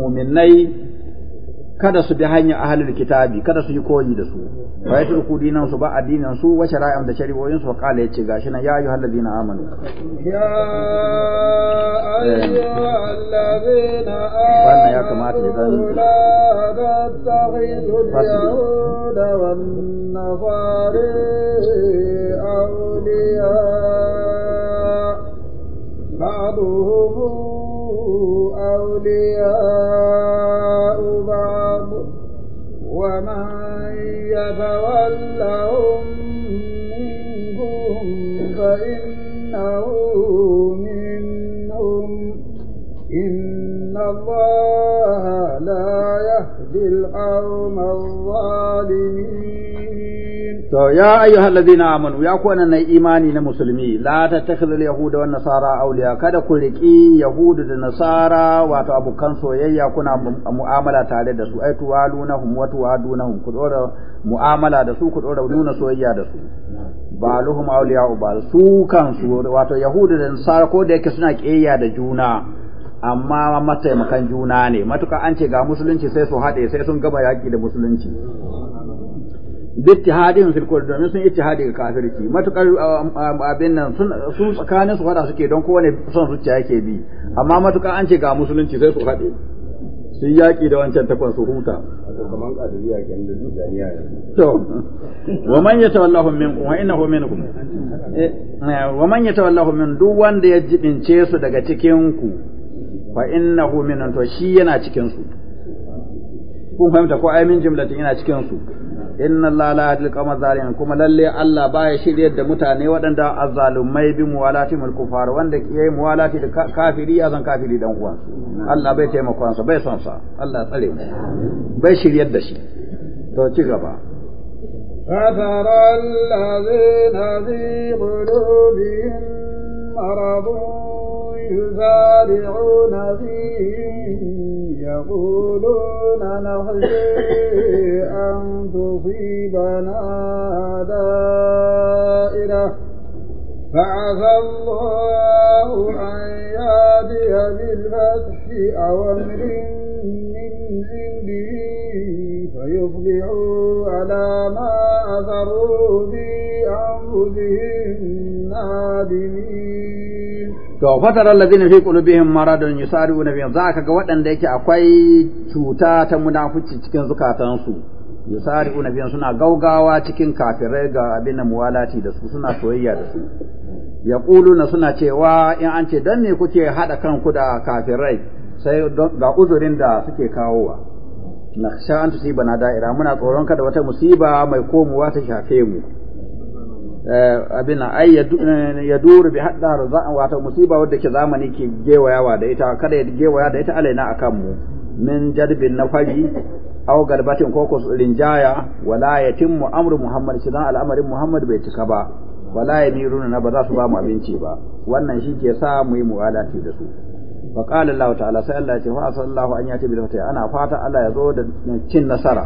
muminai kada su bi hanyar halin kitabi kada su yi koyi da su wa yatruku dinan su ba addinan su wa shari'an da shari'o'in su kala yace gashi nan ya ayyuhal ladina amanu ya eh. ayyuhal ladina amanu wannan ya kamata ya zan la yahuda wan awliya القوم الظالمين تو يا ايها الذين امنوا يا كونا ناي ايماني نا مسلمي لا تتخذوا اليهود والنصارى اولياء kada ku riki Yahudu da nasara wato abukan soyayya kuna mu'amala tare da su ai tuwalunahum wa tuwadunahum ku dora mu'amala da su ku dora nuna soyayya da su baluhum awliya'u bal su kansu wato yahud da nasara ko da yake suna kiyaya da juna amma mataimakan juna ne matuka an ce ga musulunci sai su haɗe sai sun gaba yaƙi da musulunci bittihadin fil kufr domin sun ittihadi ga kafirci matukar um, um, abin nan su tsakanin su fada suke don kowane son zuciya yake bi amma matukar an ce ga musulunci sai su haɗe sun yaƙi da wancan takwas su huta to wa man yatawallahu minkum wa innahu minkum eh, wa man yatawallahu min duk wanda ya jibince su daga cikin ku fa innahu minhum to shi yana cikin su kun fahimta ko ai min jumlatin yana cikin su inna allaha la yahdil qawma zalimin kuma lalle Allah baya shirye da mutane waɗanda azzalumai bi mul kufar wanda ke muwalati da kafiri ya zan kafiri dan uwan Allah bai taimakon sa bai son sa Allah tsare bai shirye da shi to ci gaba faral ladhi wa fatara allazina fi qulubihim maradun yusari'una za a ga waɗanda yake akwai cuta ta munafici cikin zukatansu yusari'una fi suna gaugawa cikin kafirai ga abin da muwalati da su suna soyayya da su na suna cewa in an ce don ne kuke haɗa kanku da kafirai sai ga uzurin da suke kawowa Na nakhsha an na da'ira muna tsoron kada wata musiba mai komowa ta shafe mu Eh, abin eh, ya duru bi haddar wato musiba wadda ke zamani ke gewayawa da ita kada ya gewaya da ita alaina akan mu min jadbin na fari aw galbatin ko rinjaya wala yatimmu amru muhammad shi al'amarin muhammad bai cika ba wala yamiruna na ba za su ba mu abinci ba wannan shi ke sa mu yi mu'alati da su fa qala allah ta'ala sai allah ya ce fa sallallahu an yati bil ana fata allah ya zo da cin nasara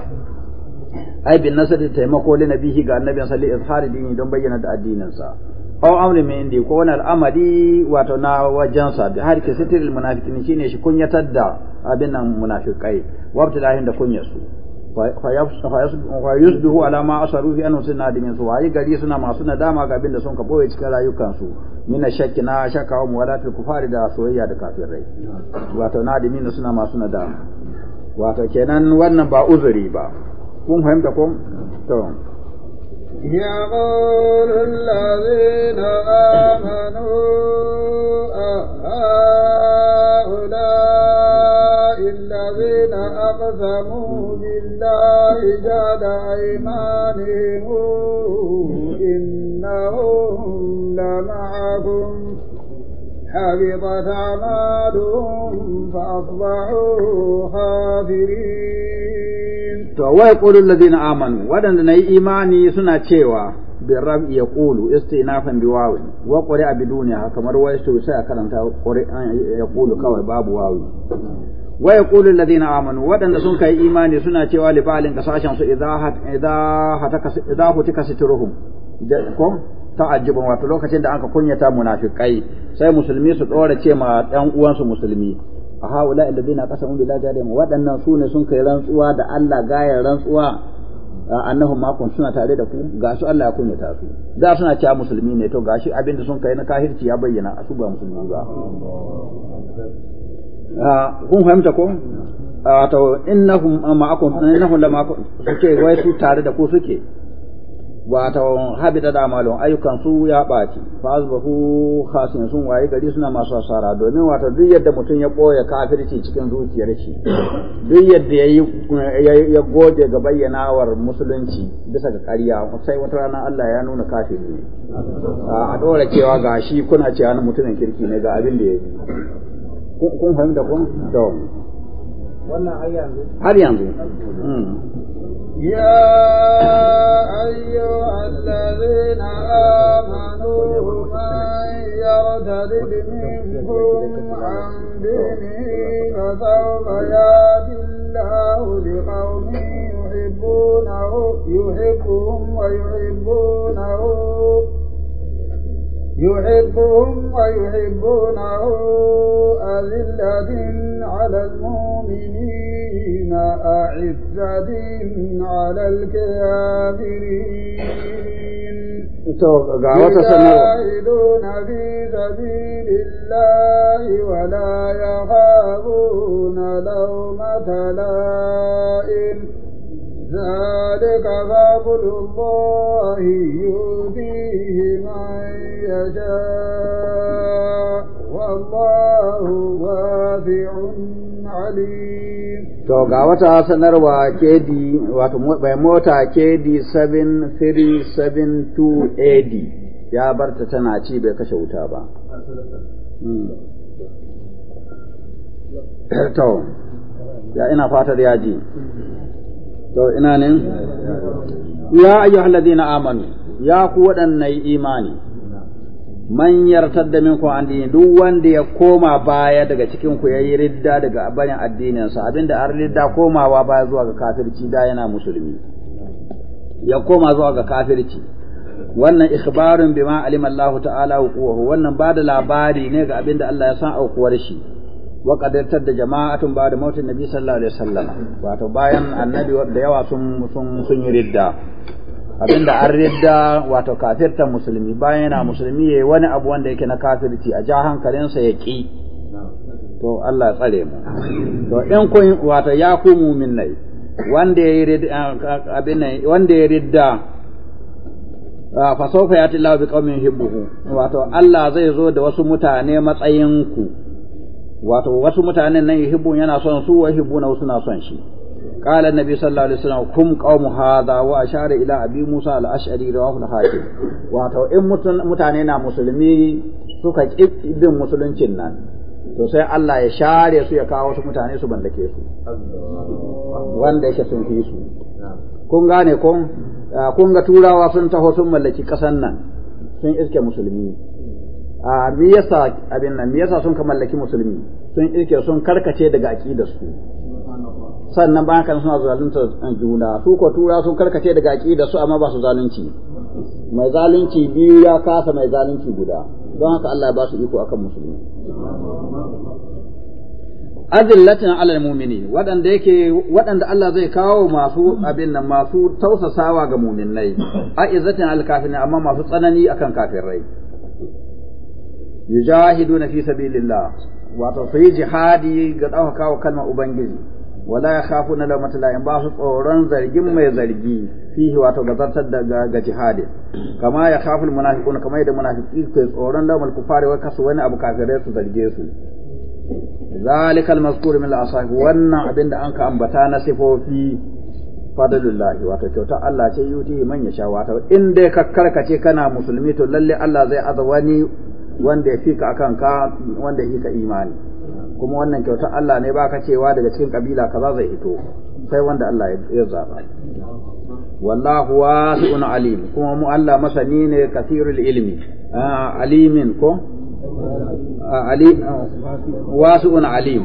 ai bin da taimako li nabihi ga annabin salli izhari dini don bayyana da addinin sa aw amri min indi ko wani al'amari wato na wajen sa bi har kisitil munafiqin shine shi kunyatar da abin nan munafiqai wabtilahin da kunyarsu fa yusbihu ala ma asaru fi anfusihim nadimin su wayi gari suna masu nadama ga abin da sun ka boye cikin rayukansu mina shakki na shakka wa muwalatul kufari da soyayya da kafirai wato min suna masu nadama wato kenan wannan ba uzuri ba kun fahimta kun to يقول الذين آمنوا أهؤلاء الذين أقسموا بالله جاد أيمانهم إنهم لمعكم حبطت أعمالهم فأصبحوا خاسرين to wa yaqulu alladhina amanu wadanda nayi imani suna cewa bi rab yaqulu istinafan bi wawi wa qari'a bi duniya kamar wai to sai karanta qari'an yaqulu kawai babu wawi wa yaqulu alladhina amanu dan sun kai imani suna cewa li balin kasashen su idza idza hataka idza hutika da ko ta'ajjuban wato lokacin da aka kunyata munafikai sai musulmi su dora ce ma dan uwansu musulmi هؤلاء الذين قسموا بالله جارهم ودنا سونا سنك رنسوا rantsuwa? الله غاية رنسوا annahum ma kun suna tare da ku gashi Allah ya kunyata su da suna cewa musulmi ne to gashi abinda sun kai na kafirci ya bayyana a su ba musulmi ba kun fahimta ko to innahum ma'akum innahum lama suke wai su tare da ku suke wato habita da amalon ayyukan su ya ɓaci fa azbahu khasin sun waye gari suna masu asara domin wato duk yadda mutum ya boye kafirci cikin zuciyar shi duk yadda ya ya goge ga bayyanawar musulunci bisa ga ƙarya sai wata rana Allah ya nuna kafiri ne a dora cewa gashi kuna cewa mutumin kirki ne ga abin da ya yi kun fahimta kun to wannan har yanzu har yanzu hmm. يا أيها الذين آمنوا من يرتد منكم عن دينه فسوف يأتي الله لقوم يحبونه يحبهم ويحبونه يحبهم ويحبونه أذلة على المؤمنين أعزة على الكافرين يجاهدون في سبيل الله ولا يخافون لومة لائم ذلك فضل الله يؤتي يشاء والله واسع عليم to ga wata sanarwa KD wato bai mota KD 7372AD ya barta tana ci bai kashe wuta ba to ya ina fatar ya ji to ina ne ya ayyuhal ladina amanu ya ku waɗannan imani man yartadda minkum an dini duk wanda ya koma baya daga cikin ku yayi ridda daga barin addinin sa abinda ar ridda komawa baya zuwa ga kafirci da yana musulmi ya koma zuwa ga kafirci wannan ikhbarun bima alima Allah ta'ala hukuhu wannan bada labari ne ga abinda Allah ya san aukuwar shi wa qadartar da jama'atun ba'da mautin nabi sallallahu alaihi wasallam wato bayan annabi da yawa sun sun yi ridda abinda an ridda wato kafirta musulmi bayan yana musulmi yayi wani abu wanda yake na kafirci a ja hankalinsa ya ki to Allah tsare mu to in kun wato ya ku mu'minai wanda yayi ridda abin nan wanda yayi ridda fa sofa ya tilla bi qaumin hibbuhu wato Allah zai zo da wasu mutane matsayin ku wato wasu mutanen nan yuhibbun yana son su wa wasu suna son shi قال النبي صلى الله عليه وسلم كم قوم هذا واشار الى ابي موسى الاشعري رواه الحاكم واتو in mutane na musulmi suka bin musuluncin nan to sai Allah ya share su ya kawo su mutane su ballake su wanda yake sun fi su kun gane kun kun ga turawa sun taho sun mallaki kasan nan sun iske musulmi a me yasa abin nan me yasa sun ka mallaki musulmi sun iske sun karkace daga aqidar su sannan ba kan suna zalunta juna su ko tura sun karkace daga aqida su amma ba su zalunci mai zalunci biyu ya kasa mai zalunci guda don haka Allah ba su iko akan musulmi azillatin alal mumini waɗanda yake waɗanda Allah zai kawo masu abin nan masu tausasawa ga muminai aizatin al kafirin amma masu tsanani akan kafirai yujahiduna fi sabilillah wato su yi jihadi ga dauka kawo kalmar ubangiji wala yakhafuna lawmata la'in ba su tsoron zargin mai zargi fihi wato gazartar da ga jihadin kama ya khaful munafiquna kama yadda munafiki ke tsoron lawmal kufari wa kasu wani abu kafirai su zarge su zalikal mazkur min al-asahib wannan abinda an ka ambata na sifofi fadlullahi wato kyautar Allah ce yuti man ya sha wato in dai ka karkace kana musulmi to lalle Allah zai azawani wanda ya fika akan ka wanda ya fika imani kuma wannan kyautar Allah ne ba baka cewa daga cikin kabila kaza zai fito sai wanda Allah ya zaba wallahu wasi'un alim kuma mu Allah masani ne kasirul ilmi alimin ko ali wasi'un alim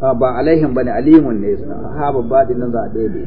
ba alaihim bane alimun ne ha babba nan za a daidai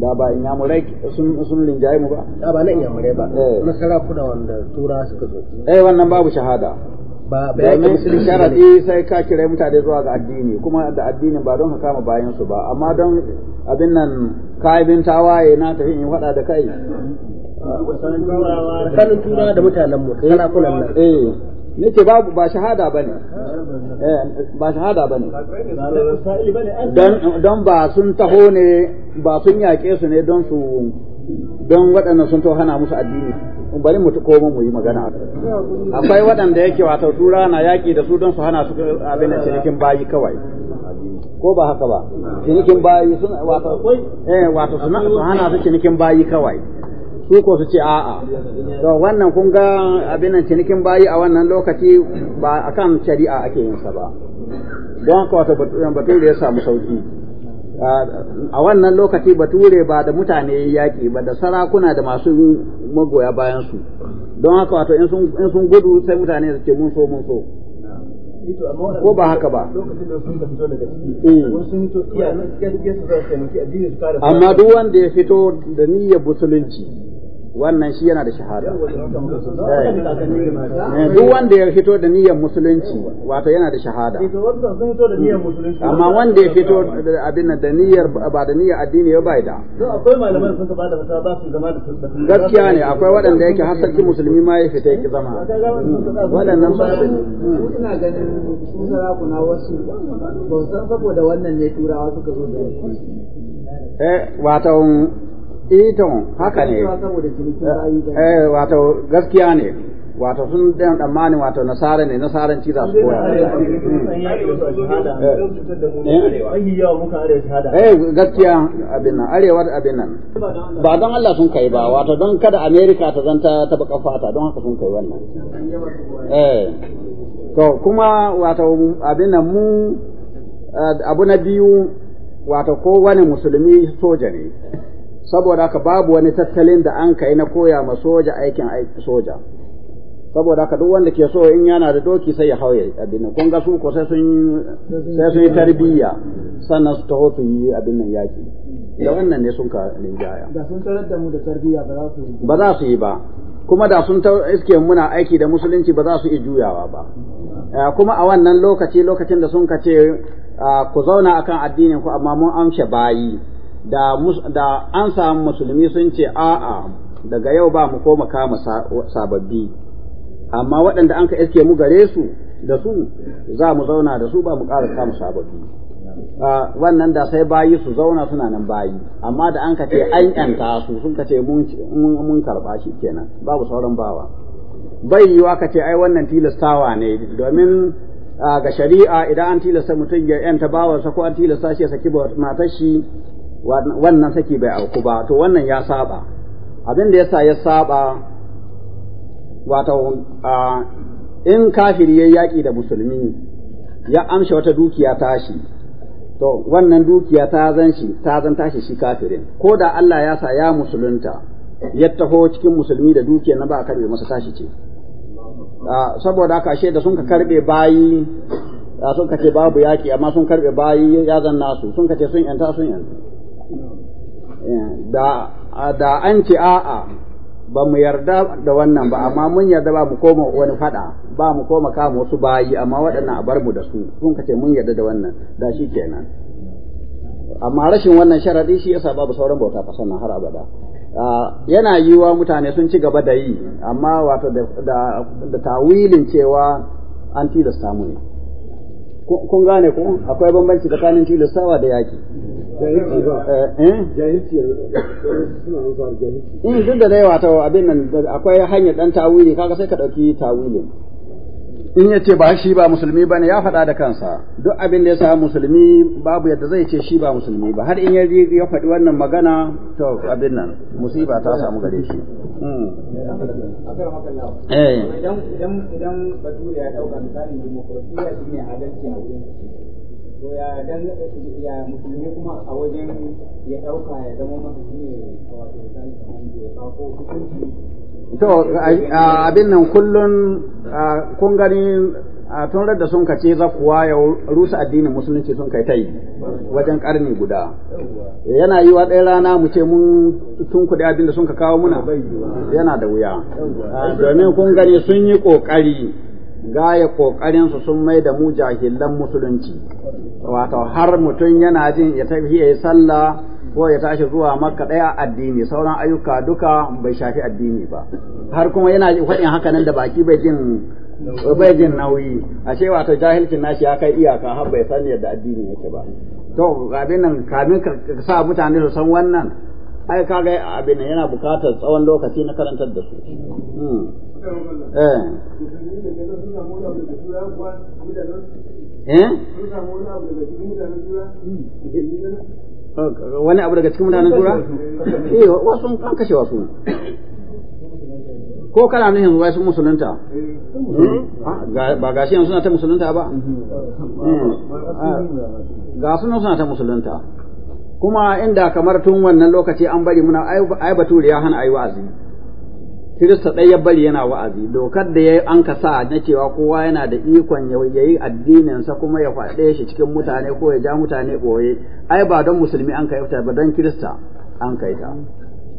da ba in yamu rai sun sun linjaye mu ba da ba na inyamurai ba eh. na sarakuna wanda tura suka zo eh wannan babu shahada ba ba. bayan sharadi sai ka kire mutane zuwa ga addini kuma da addinin ba don ka kama bayan su ba amma don abin nan kaibin tawaye na tafi in wada da kai sanin turawa da mutanen mu sarakunan nan eh nake babu ba shahada bane eh, ba shahada bane don don ba sun taho ne ba sun yaƙe su ne don su don waɗannan sun taho hana musu addini bari mu koma mu yi magana akwai waɗanda yake wato tura na yaƙi da su don su hana su abin da cinikin bayi kawai ko ba haka ba cinikin bayi sun wato eh wato su hana su cinikin bayi kawai su ko su ce a'a to wannan kun ga abinan cinikin bayi a wannan lokaci ba akan shari'a ake yin sa ba don haka wato da ya samu sauki a wannan lokaci bature ba da mutane yaƙi ba da sarakuna da masu magoya bayan su don haka wato in sun gudu sai mutane su ce mun so mun so ko ba haka ba eh. amma duk wanda ya fito da niyyar musulunci wannan shi yana da shahada eh. eh, duk wanda ya fito da niyyar musulunci wato yana da shahada eh, amma wanda ya fito da abin da niyyar ba da niyyar addini ya bai da akwai malaman sun ba da ba su zama da sun gaskiya ne akwai waɗanda yake hasarki musulmi ma ya fita yake zama waɗannan ba su ina ganin sun sarakuna wasu ba san saboda wannan ne turawa suka zo da wato Ito, eh haka ne. Eh, wato gaskiya ne. Wato sun dan tsammanin wato nasara ne, nasaran ci za su koya. Eh. eh, gaskiya abin nan, arewa abin nan. Ba don Allah sun kai ba, wato don kada Amerika ta zanta ta baka fata don haka sun kai wannan. Eh. To kuma wato abin nan mu eh, abu na biyu wato kowane musulmi soja ne. saboda haka babu wani tattalin da an kai na koya ma soja aikin soja saboda haka duk wanda ke so in yana da doki sai ya hauye abin kun ga su ko sai sun sai sun yi tarbiyya sannan su taho su yi abin nan yaki da wannan ne sun ka linjaya da sun tarar da mu da tarbiyya ba za su yi ba za su yi ba kuma da sun iske muna aiki da musulunci ba za su yi juyawa ba eh, kuma a wannan lokaci lokacin da sun ka ce ah, ku zauna akan addinin ku amma mun amshe bayi da da an samu musulmi sun ce a'a daga yau ba mu koma kama sababbi amma waɗanda an ka iske mu gare su da su za mu zauna da su ba mu ƙara kama sababbi wannan da sai bayi su zauna suna nan bayi amma da an ka ce an yanta su sun ka ce mun karɓa shi kenan babu sauran bawa bai yiwa ka ce ai wannan tilastawa ne domin ga shari'a idan an tilasta mutum ya yanta bawansa ko an tilasta shi ya saki matar shi wannan saki bai auku ba to wannan ya saba abin da yasa ya saba wato in kafiri ya yaƙi da musulmi ya amshe wata dukiya tashi to wannan dukiya ta zan ta zan tashi shi kafirin ko da Allah ya sa ya musulunta ya taho cikin musulmi da dukiya na ba a karbe masa tashi ce saboda haka da sun ka karbe bayi sun ka ce babu yaƙi amma sun karbe bayi ya zan nasu sun ka ce sun yanta sun yanta da an ce a'a ba mu yarda da wannan ba amma mun yarda ba mu koma wani fada ba mu koma kama wasu bayi amma waɗannan a bar mu da su sun kace mun yarda da wannan da shi kenan amma rashin wannan sharadi shi yasa babu sauran bauta kasan har abada yana yiwuwa mutane sun ci gaba da yi amma wato da tawilin cewa an tilasta mu ne kun gane ko akwai bambanci tsakanin tilastawa da yaki Eh, eh? in duk da dai wato abin nan akwai hanyar dan tawili kaga sai ka dauki tawili in yace ba shi ba musulmi bane ya faɗa da kansa duk abin da ya sa musulmi babu yadda zai ce shi ba musulmi ba har in ya ya faɗi wannan magana to abin nan musiba ta samu gare shi hmm. eh. idan idan bature ya dauka misalin demokrasiya ne adalci a wurin to ya dan ya musulmi kuma a wajen ya dauka ya zama masa shine wato misali kamar ya kawo hukunci to abin nan kullun kun gani a tun da sun kace za kuwa ya rusa addinin musulunci sun kai ta yi wajen karni guda yana yi wa ɗaya rana mu ce mun tun kuɗi abin da sun ka kawo muna yana da wuya domin kun gani sun yi ƙoƙari gaya kokarin su sun mai da mu jahilan musulunci wato har mutum yana jin ya tafi ya yi sallah ko ya tashi zuwa makka daya addini sauran ayyuka duka bai shafi addini ba har kuma yana faɗin haka nan da baki bai jin bai jin nauyi ashe wato jahilcin nashi ya kai iyaka har bai san yadda addini yake ba to abin nan kamin ka sa mutane su san wannan ai kaga abin nan yana bukatar tsawon lokaci na karantar da su hmm. eh Eh? Eh? wani abu daga cikin mutanen tura eh wasu an kashe wasu ko kana nuhin zuwa sun musulunta hmm? ah, ba ga shi yanzu suna ta musulunta ba hmm. ah, ga suna suna ta musulunta kuma inda kamar tun wannan lokaci an bari muna ai baturiya hana ayi wa'azi Kirista ɗaya ya bari yana wa'azi, dokar da ya yi an ka sa na cewa kowa yana da ikon ya yi addininsa kuma ya faɗe shi cikin mutane ko ya ja mutane ɓoye, ai ba don musulmi an ka ta ba don Kirista an ka ta.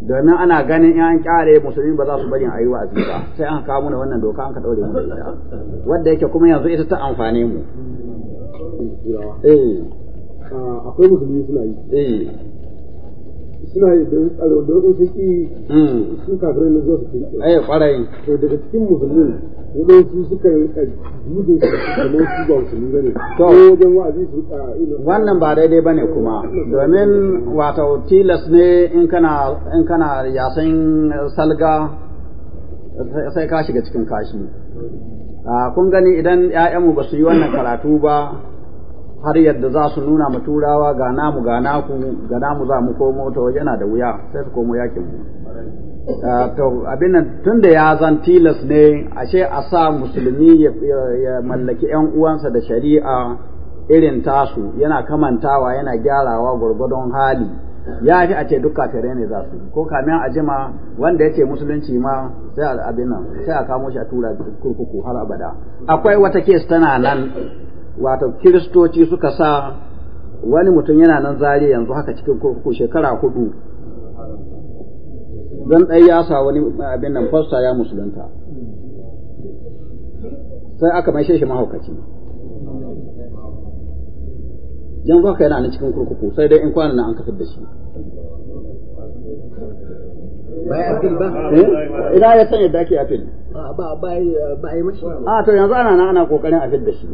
Domin ana ganin in an ƙyare musulmi ba za su bari a yi wa'azi ba, sai an kawo mana wannan doka an ka ɗaure mu ita. Wadda yake kuma yanzu ita ta amfane mu. Akwai musulmi suna yi. Eh. suna yi don tsaro don in su ki hmm. su kafirai na zuwa su kiri ɗaya ƙwarai to daga cikin musulmin waɗansu suka yi gudun kamar su ba musulmi ba ne to wajen wa'azi su a wannan ba daidai ba ne kuma domin wato tilas ne in kana in kana yasan salga sai ka shiga cikin kashi ah, kun gani idan 'ya'yanmu ba su yi wannan karatu ba har yadda za su nuna mu turawa ga namu ga naku ga namu za mu komo ta yana da wuya sai su komo yakin mu ah, to abin nan tunda ya zan tilas ne ashe a sa musulmi ya mallaki yan uwansa da shari'a irin tasu yana kamantawa yana gyarawa gwargwadon hali ya fi a ce duk kafirai ne za su ko kamin a jima wanda ya ce musulunci ma sai abin sai a kamo shi a tura kurkuku har abada akwai wata kes tana nan wato kiristoci suka sa wani mutum yana nan zare yanzu haka cikin kurkuku shekara hudu don ɗaya ya sa wani abin nan fasta ya musulunta sai aka mai shi mahaukaci yanzu haka yana nan cikin kurkuku sai dai in kwanan na an kafin da shi ba apil ba eh? ina ya sanya yadda ake apil ba ba ba yi mashi a to yanzu ana nan ana kokarin apil da shi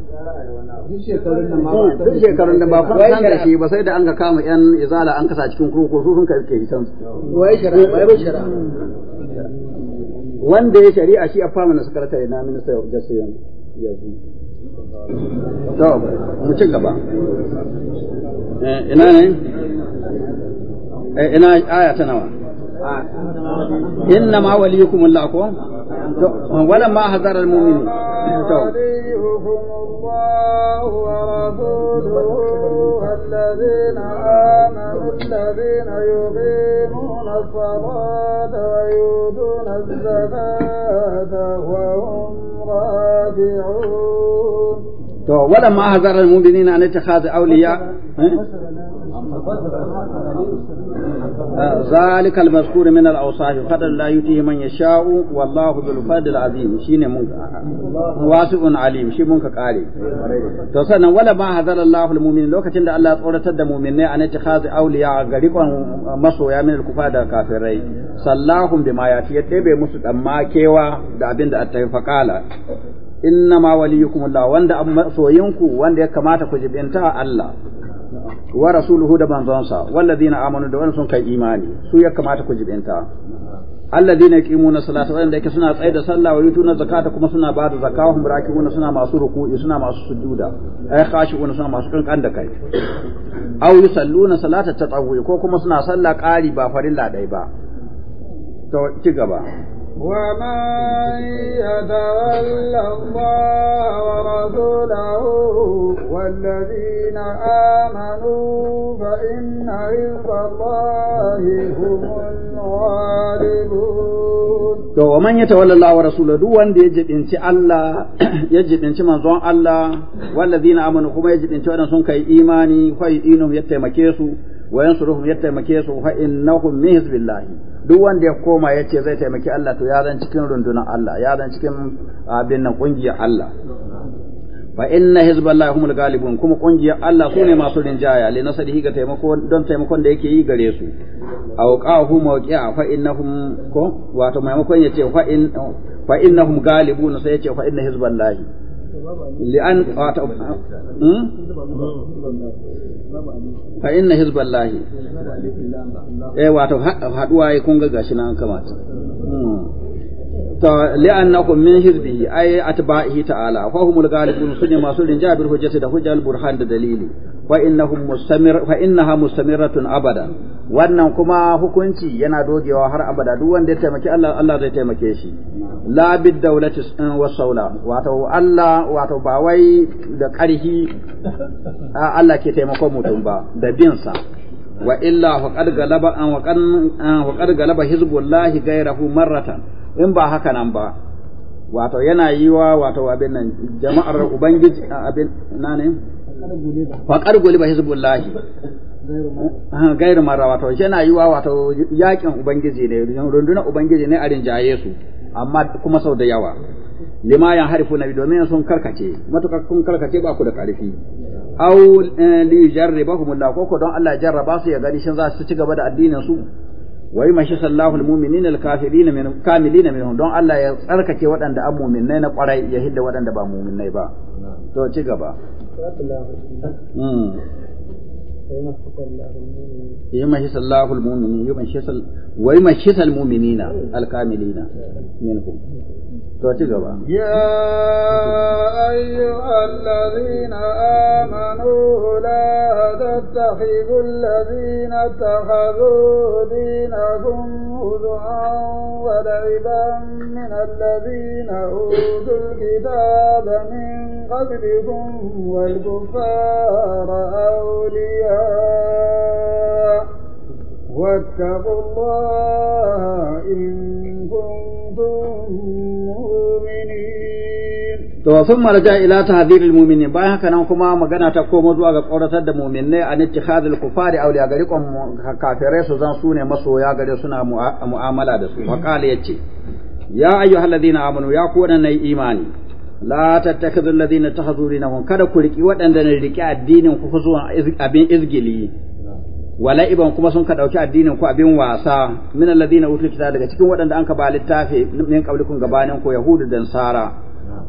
duk shekarun da ba kun san da shi ba sai da an ga kama yan izala an kasa cikin kurkuku su sun kai ke hisan wai shari'a bai shari'a wanda ya shari'a shi a fama na sakaratare na minista jasa yanzu to mu ci gaba eh, ina ne eh, ina aya ta nawa إنما وليكم الله ولا ولما حذر المؤمنين وليكم الله ورسوله الذين آمنوا الذين يقيمون الصلاة ويؤتون الزكاة وهم راجعون ولا ما ma المؤمنين al-mu'minina an ذلك المذكور من الأوصاف فضل لا يؤتيه من يشاء والله ذو الفضل العظيم شيني من واسع عليم شي من كقاري to sannan wala ma hazara Allahu lokacin da Allah tsoratar da mu'minai an ittikhazi awliya ga rikon masoya min alkufa da kafirai sallahum bima yafi ya ɗebe musu dan makewa da abin da attayi faqala inna ma waliyukum Allah wanda soyinku wanda ya kamata ku jibinta Allah wa rasuluhu da manzonsa na amanu da wani sun kai imani su ya kamata ku jibinta na yuqimuna salata wanda yake suna tsaye da sallah wa yutuna zakata kuma suna ba da zakawa, wa suna masu ruku'i suna masu sujuda ay khashi'una suna masu kankan da kai aw yusalluna salata tatawwu ko kuma suna sallah qari ba farilla dai ba to ci gaba ومن يتول الله ورسوله والذين آمنوا فإن الله هم الغالبون to wa man yatawalla Allah wa duk wanda ya jibinci Allah ya jibinci manzon Allah wallazina amanu kuma ya jibinci wadan sun kai imani fa yinum ya taimake su wa yansuruhum ya taimake su fa innahum min hizbillah duk wanda ya koma ya zai taimaki Allah to ya zan cikin rundunar Allah ya zan cikin abin nan kungiyar Allah fa inna hizballahi humul galibun kuma kungiyar Allah sune masu rinjaya li nasarihi ga taimako don taimakon da yake yi gare su awqahu mawqi'a fa innahum ko wato maimakon yace fa in fa innahum galibun sai yace fa inna hizballahi li'an wato fa inna hizballahi eh wato haduwa kun ga gashi nan kamata لأنهم من حزبه أي أتباعه تعالى فهم الغالبون سنة ما سنة جابر حجة حجة البرهان دليلي وإنهم مستمر wannan kuma hukunci yana dogewa har abada duk wanda ya Allah Allah taimake shi la bid dawlati wa saula wato Allah da karhi Allah ke taimakon mutum ba da bin sa wa illa faqad galaba an wa qad galaba hizbullahi ghayrahu marratan in ba haka nan ba wato yana yi wa wato abin nan jama'ar ubangiji abin na ne faƙar guli ba hizbullahi gairu mara wato yana yi wa wato yakin ubangiji ne rundunar ubangiji ne a rinjaye su amma kuma sau da yawa lima yan harifu na domin sun karkace matukar kun karkace ba ku da karfi au eh, li jarribahumullah ko ko don Allah jarraba su ya gani shin za su ci gaba da addinin su wa yi mashi sallahu al-mu'minin al-kafirin min kamilin minhum don Allah ya tsarkake waɗanda an mu'minnai na ƙwarai ya hidda waɗanda ba mu'minnai ba to ci gaba يمحص الله المؤمنين يمحص ال... ويمحص المؤمنين الكاملين منهم يا أيها الذين آمنوا لا تتخذوا الذين اتخذوا دينكم هزعا ولعبا من الذين أوتوا الكتاب من قبلكم والكفار أولياء شاء واتقوا الله إن كنتم مؤمنين to sun marja ila tahdhiril mu'minin bayan haka nan kuma magana ta komo zuwa ga tsoratar da mu'minai an ittikhadul kufari awliya gari kon kafirai su zan sune masoya gare suna mu'amala da su wa qala yace ya ayyuhalladhina amanu ya ku wannan imani la tattakhidhu alladhina ittakhadhu dinakum kada ku riki waɗanda ne riki addinin ku zuwa abin izgili wala iban kuma sun ka dauki addinin ku abin wasa min alladhina utul kitaba daga cikin waɗanda an ka ba littafi min qablikum gabanin ku yahudu dan sara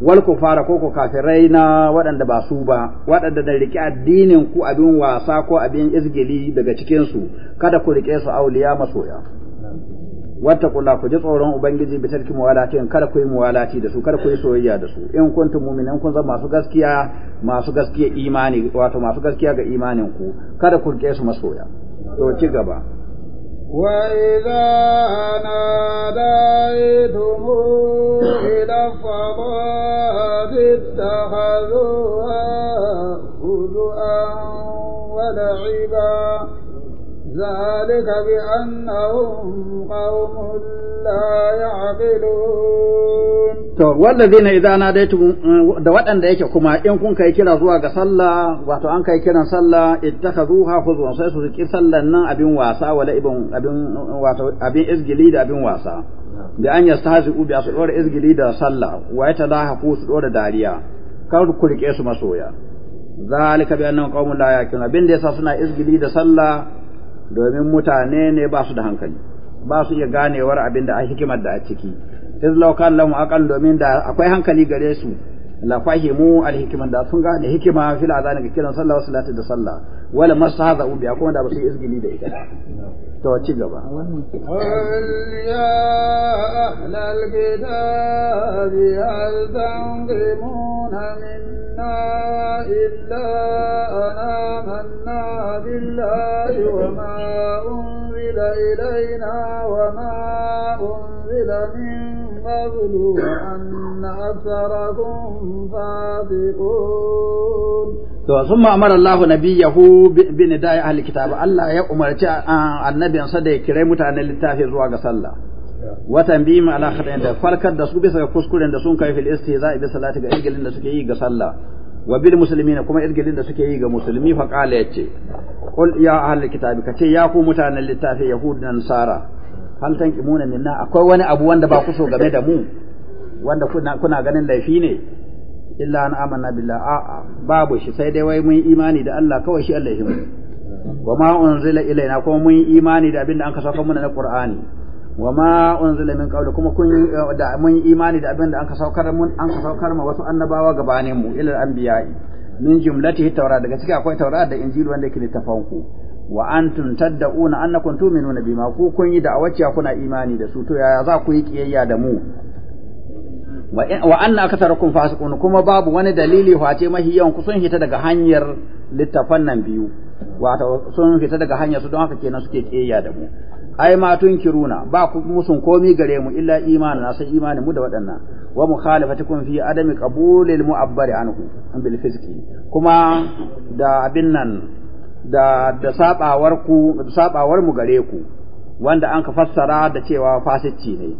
wal kufara ko ku kafirai na waɗanda ba su ba waɗanda da riki addinin ku abin wasa ko abin izgili daga cikinsu kada ku rike su auliya masoya kula ku ji tsoron ubangiji bi tarki in kada ku yi muwalati da su kada ku yi soyayya da su in kuntum mu'minin kun zama masu gaskiya masu gaskiya imani wato masu gaskiya ga imanin ku kada ku rike su masoya to ci gaba وإذا ناديتم إلى الصلاة اتخذوها wa la'iba ذلك بأنهم قوم لا يعقلون to wallazina idza nadaitum da waɗanda yake kuma in kun kai kira zuwa ga sallah wato an kai kiran sallah ittakhazuha huzwan sai su riki sallan nan abin wasa wala ibn abin wato abin izgili da abin wasa da an yastahzi'u bi asdor izgili da sallah wa yatalahafu su dora dariya kar ku rike su masoya zalika bi annahum qaumun la yaqilun abin da yasa suna izgili da sallah domin mutane ne ba su da hankali ba su iya ganewar abin da a hikimar da a ciki iz law lamu domin da akwai hankali gare su la fahimu al hikman da sun ga da hikima fil azan ga kiran sallah wa salatu da sallah wala masahaza ubi akwai da ba su izgili da ita to ci gaba ya ahlal kitab hal tanqimuna minna illa ana manna billahi wa ma unzila ilayna wa ma unzila min أكثركم صادقون to na ma'amara Allah nabiyahu bi nidai ahli kitab Allah ya umarci annabi sa da ya kire mutanen littafi zuwa ga sallah wa tanbihim ala khata'in da farkar da su bisa ga kuskuren da sun kai fil istihza'i bi salati ga irgilin da suke yi ga sallah wa bil muslimin kuma irgilin da suke yi ga musulmi fa qala yace qul ya ahli kitab kace ya ku mutanen littafi yahud da nasara hal tanqimuna minna akwai wani abu wanda ba ku so game da mu wanda kuna ganin laifi ne illa an amana billah a babu shi sai dai wai mun imani da Allah kawai shi Allah himu wa ma unzila ilaina kuma mun imani da abin da an kasauka mana na Qur'ani wa ma unzila min qabl kuma kun da mun imani da abin da an kasaukar mun an kasaukar ma wasu annabawa gabanin mu ilal anbiya min jumlatihi tawra daga ciki akwai tawra da injil wanda yake littafan ku wa antum tadda'una annakum tu'minuna bima ku kun yi da'awaciya kuna imani da su to yaya za ku yi kiyayya da mu wa anna aktharakum fasiqun kuma babu wani dalili ace mahi yawan kusun sun hita daga hanyar littafan nan biyu wato sun fita daga hanyar su don haka kenan suke keya da mu ai ma tunkiruna ba ku musun komi gare mu illa na sai imanin mu da waɗannan wa mukhalafatukum fi adami qabulil mu'abbari anhu bil fizqi kuma da abin nan da da sabawar ku sabawar mu gare ku wanda an ka fassara da cewa fasici ne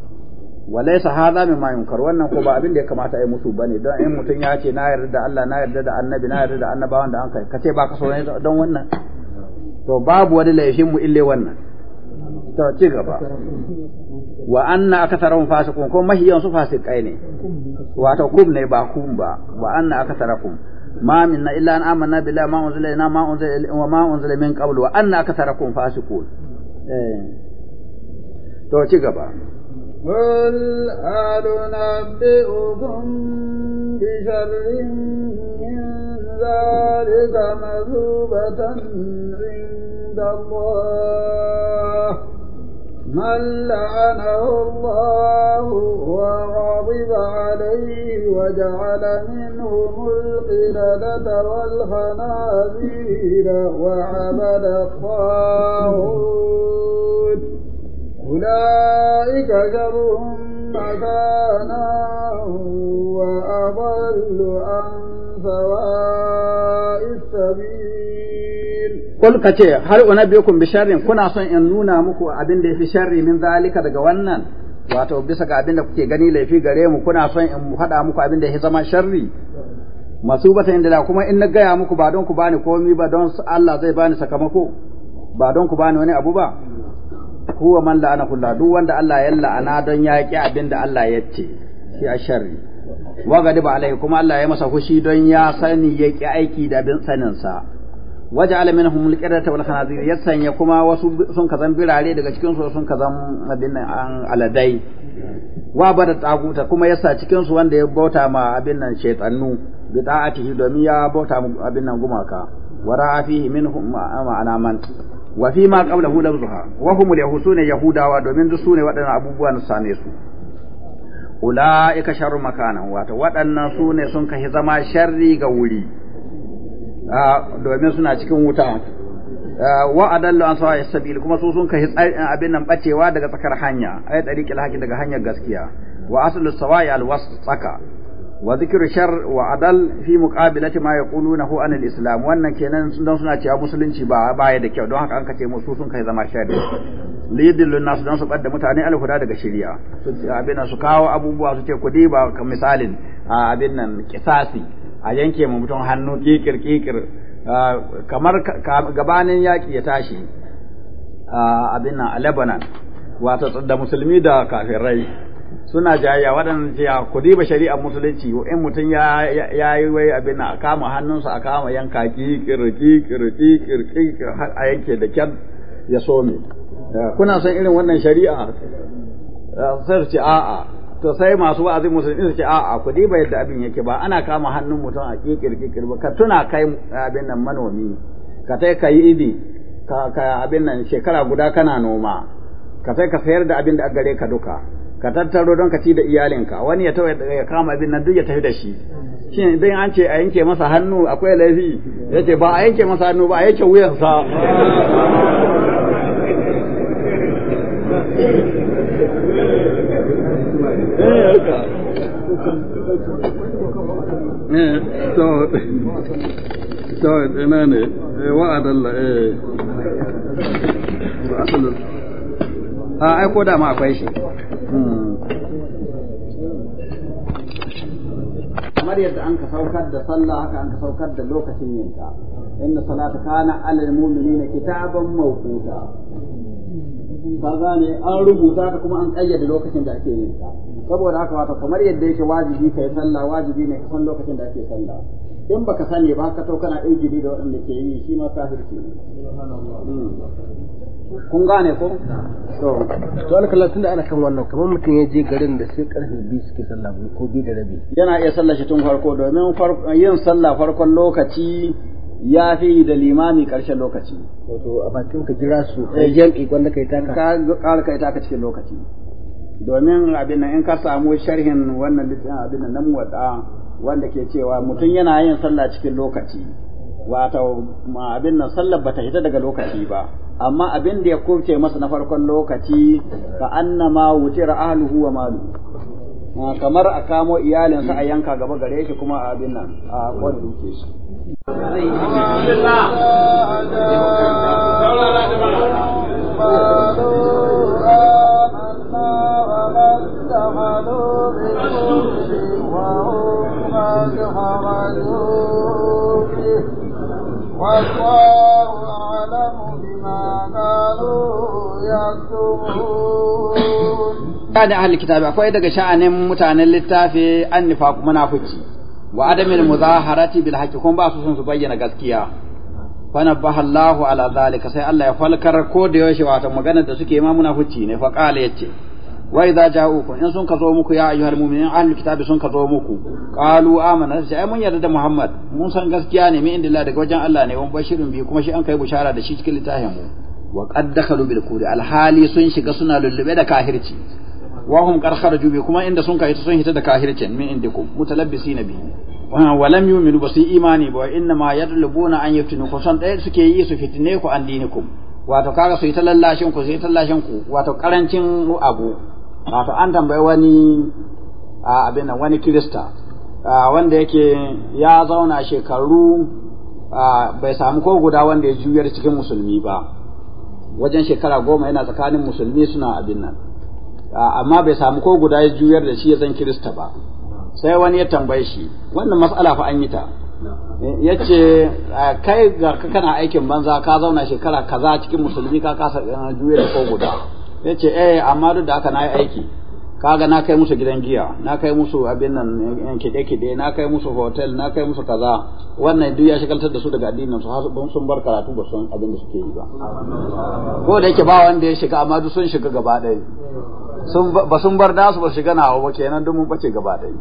walaysa hadha mimma yunkar wannan ko ba abin da ya kamata ai musu bane don in mutum ya ce na yarda da Allah na yarda da annabi na yarda da annabawan da an kai kace ba ka so ne don wannan to babu wani laifin mu ille wannan to ci gaba wa anna akatharahum fasiqun ko mahiyan su fasikai ne wato kum ne ba kum ba wa anna akatharakum ma minna illa an amanna billahi ma unzila ilaina ma unzila wa ma unzila min qablu wa anna akatharakum fasiqun eh to ci gaba قل هل نبئكم بشر من ذلك مثوبة عند الله من لعنه الله وغضب عليه وجعل منهم القلدة والخنازير وعبد الطاغوت أولئك شر مكانا وأضل عن سواء السبيل قل bi هل kuna son in nuna muku abin da ya fi sharri min zalika daga wannan? wato bisa ga abin da kuke gani laifi gare mu kuna son in haɗa muku abin da ya zama sharri masu bata inda kuma in na gaya muku ba don ku bani komi ba don Allah zai bani sakamako ba don ku bani wani abu ba huwa man la'ana kulla duk wanda Allah ya la'ana don ya ki abin Allah ya ce shi a sharri wa gadiba alaihi kuma Allah ya masa fushi don ya sani ya ki aiki da bin sanin sa waje alamin humul qirata wal khanazir ya sanya kuma wasu sun ka zan birare daga cikin su sun zan abin an aladai wa bada taguta kuma yasa cikin su wanda ya bauta ma abin nan shaytanu bi ta'atihi domin ya bauta ma abin nan gumaka wara fihi minhum ma'ana man wa fi ma qablahu lafzuha wa humul yahusuna yahudawa domin duk sune waɗannan abubuwa na same su ula'ika sharru makanan wato waɗannan sune sun kai zama sharri ga wuri domin suna cikin wuta wa adallu an sawa sabil kuma su sun kahi abin nan bacewa daga tsakar hanya ay tariqil haqi daga hanyar gaskiya wa aslu sawai alwas tsaka wa zikru shar wa adal fi muqabilati ma yaqulunahu an al-islam wannan kenan don suna cewa musulunci ba baya da kyau don haka an kace musu sun kai zama shari lidillu nas don su bada mutane alhuda daga shari'a abin su kawo abubuwa su ce kudi ba kan misalin abin nan kisasi a yanke mu mutum hannu kikir kikir kamar gabanin yaki ya tashi abin nan a Lebanon wato da musulmi da kafirai suna jayayya waɗannan ce ku diba shari'ar musulunci in mutum ya ya yi wai abin a kama hannunsa a kama yanka kikir kirki kirki kikir har a yanke da kyan ya so me kuna son irin wannan shari'a sai ce a'a to sai masu wa'azi musulmi su ce a'a ku diba yadda abin yake ba ana kama hannun mutum a kirki kirki ba ka tuna kai abin nan manomi ka tai ka yi idi ka abin nan shekara guda kana noma ka sai ka sayar da abin da gare ka duka ka tattaro don ka ci da iyalinka wani ya ya kama abin nan duk ya tafi da shi shin idan an ce a yanke masa hannu akwai laifi ya ce ba a yanke masa hannu ba a yanke wuyansa eh, to eh, eh. a aiko ah, ko da ma akwai shi kamar yadda an ka saukar da sallah haka an ka saukar da lokacin yinta inna salata kana alal mu'minina kitaban mawquta ba gane an rubuta ka kuma an kayyade lokacin da ake yin ta saboda haka wato kamar yadda yake wajibi kai sallah wajibi ne kan lokacin da ake sallah in baka sani ba ka to kana injili da waɗanda ke yi shi ma kafirci ne hmm. kun gane ko to to kallon tunda ana kan wannan kamar mutum ya je garin da sai karfe biyu suke sallah ko biyu da rabi yana iya sallah shi tun farko domin yin sallah farkon lokaci ya fi da limami karshen lokaci wato a bakin ka jira su kai eh. jam'i wanda kai taka ka ƙara kai taka cikin lokaci domin abin nan in ka samu sharhin wannan littafin abin nan na muwadda wanda ke cewa mutum yana yin sallah cikin lokaci wato abin nan sallar bata hita daga lokaci ba amma abin da ya kurce masa na farkon lokaci ka annama wutira ahluhu wa malu kamar a kamo iyalinsa a yanka gaba gare shi kuma a abin nan a kwan duke shi Allah Kada da ahli kitabi akwai daga sha'anin mutanen littafi an na fuci wa adamin muzaharati bil haqqi kun ba su son su bayyana gaskiya fa nabaha Allahu ala zalika sai Allah ya falkar ko da yaushe wato magana da suke ma fuci ne fa qala yace wa idza ja'ukum in sun ka kazo muku ya ayyuhal mu'minin ahlul kitabi sun ka kazo muku qalu amana sai mun yarda da Muhammad mun san gaskiya ne min indillah daga wajen Allah ne wan bashirin bi kuma shi an kai bushara da shi cikin littafin mu wa qad dakhalu bil kuri alhali sun shiga suna lullube da kahirci wa hum qad kharaju bi kuma inda sun kai sun hita da kahircin min indikum mutalabbisina bi wa lam yu'minu ba su imani ba inna ma yadlubuna an yaftinu ku san ɗaya suke yi su fitine ku an dinikum wato kaga su yi ta ku su yi ta ku wato karancin abu wato an tambayi wani a abin nan wani kirista wanda yake ya zauna shekaru bai samu ko guda wanda ya juyar cikin musulmi ba wajen shekara goma yana tsakanin musulmi suna abin nan amma bai samu ko guda ya juyar da shi ya zan kirista ba sai wani ya tambaye shi wannan matsala fa an yi ta ya ce kai ga kana aikin banza ka zauna shekara kaza cikin musulmi ka kasa eh, juyar ko guda yace eh amma duk da haka nayi aiki kaga na kai musu gidan giya na kai musu abin nan eh, kide-kide na kai musu hotel na kai musu kaza wannan duk ya shigaltar da su daga addinin su har sun bar karatu ba sun abin da suke yi ba ko da yake ba wanda ya shiga amma duk sun shiga gaba ɗaya sun ba sun bar su ba shiga nawa ba kenan duk mun bace gaba ɗaya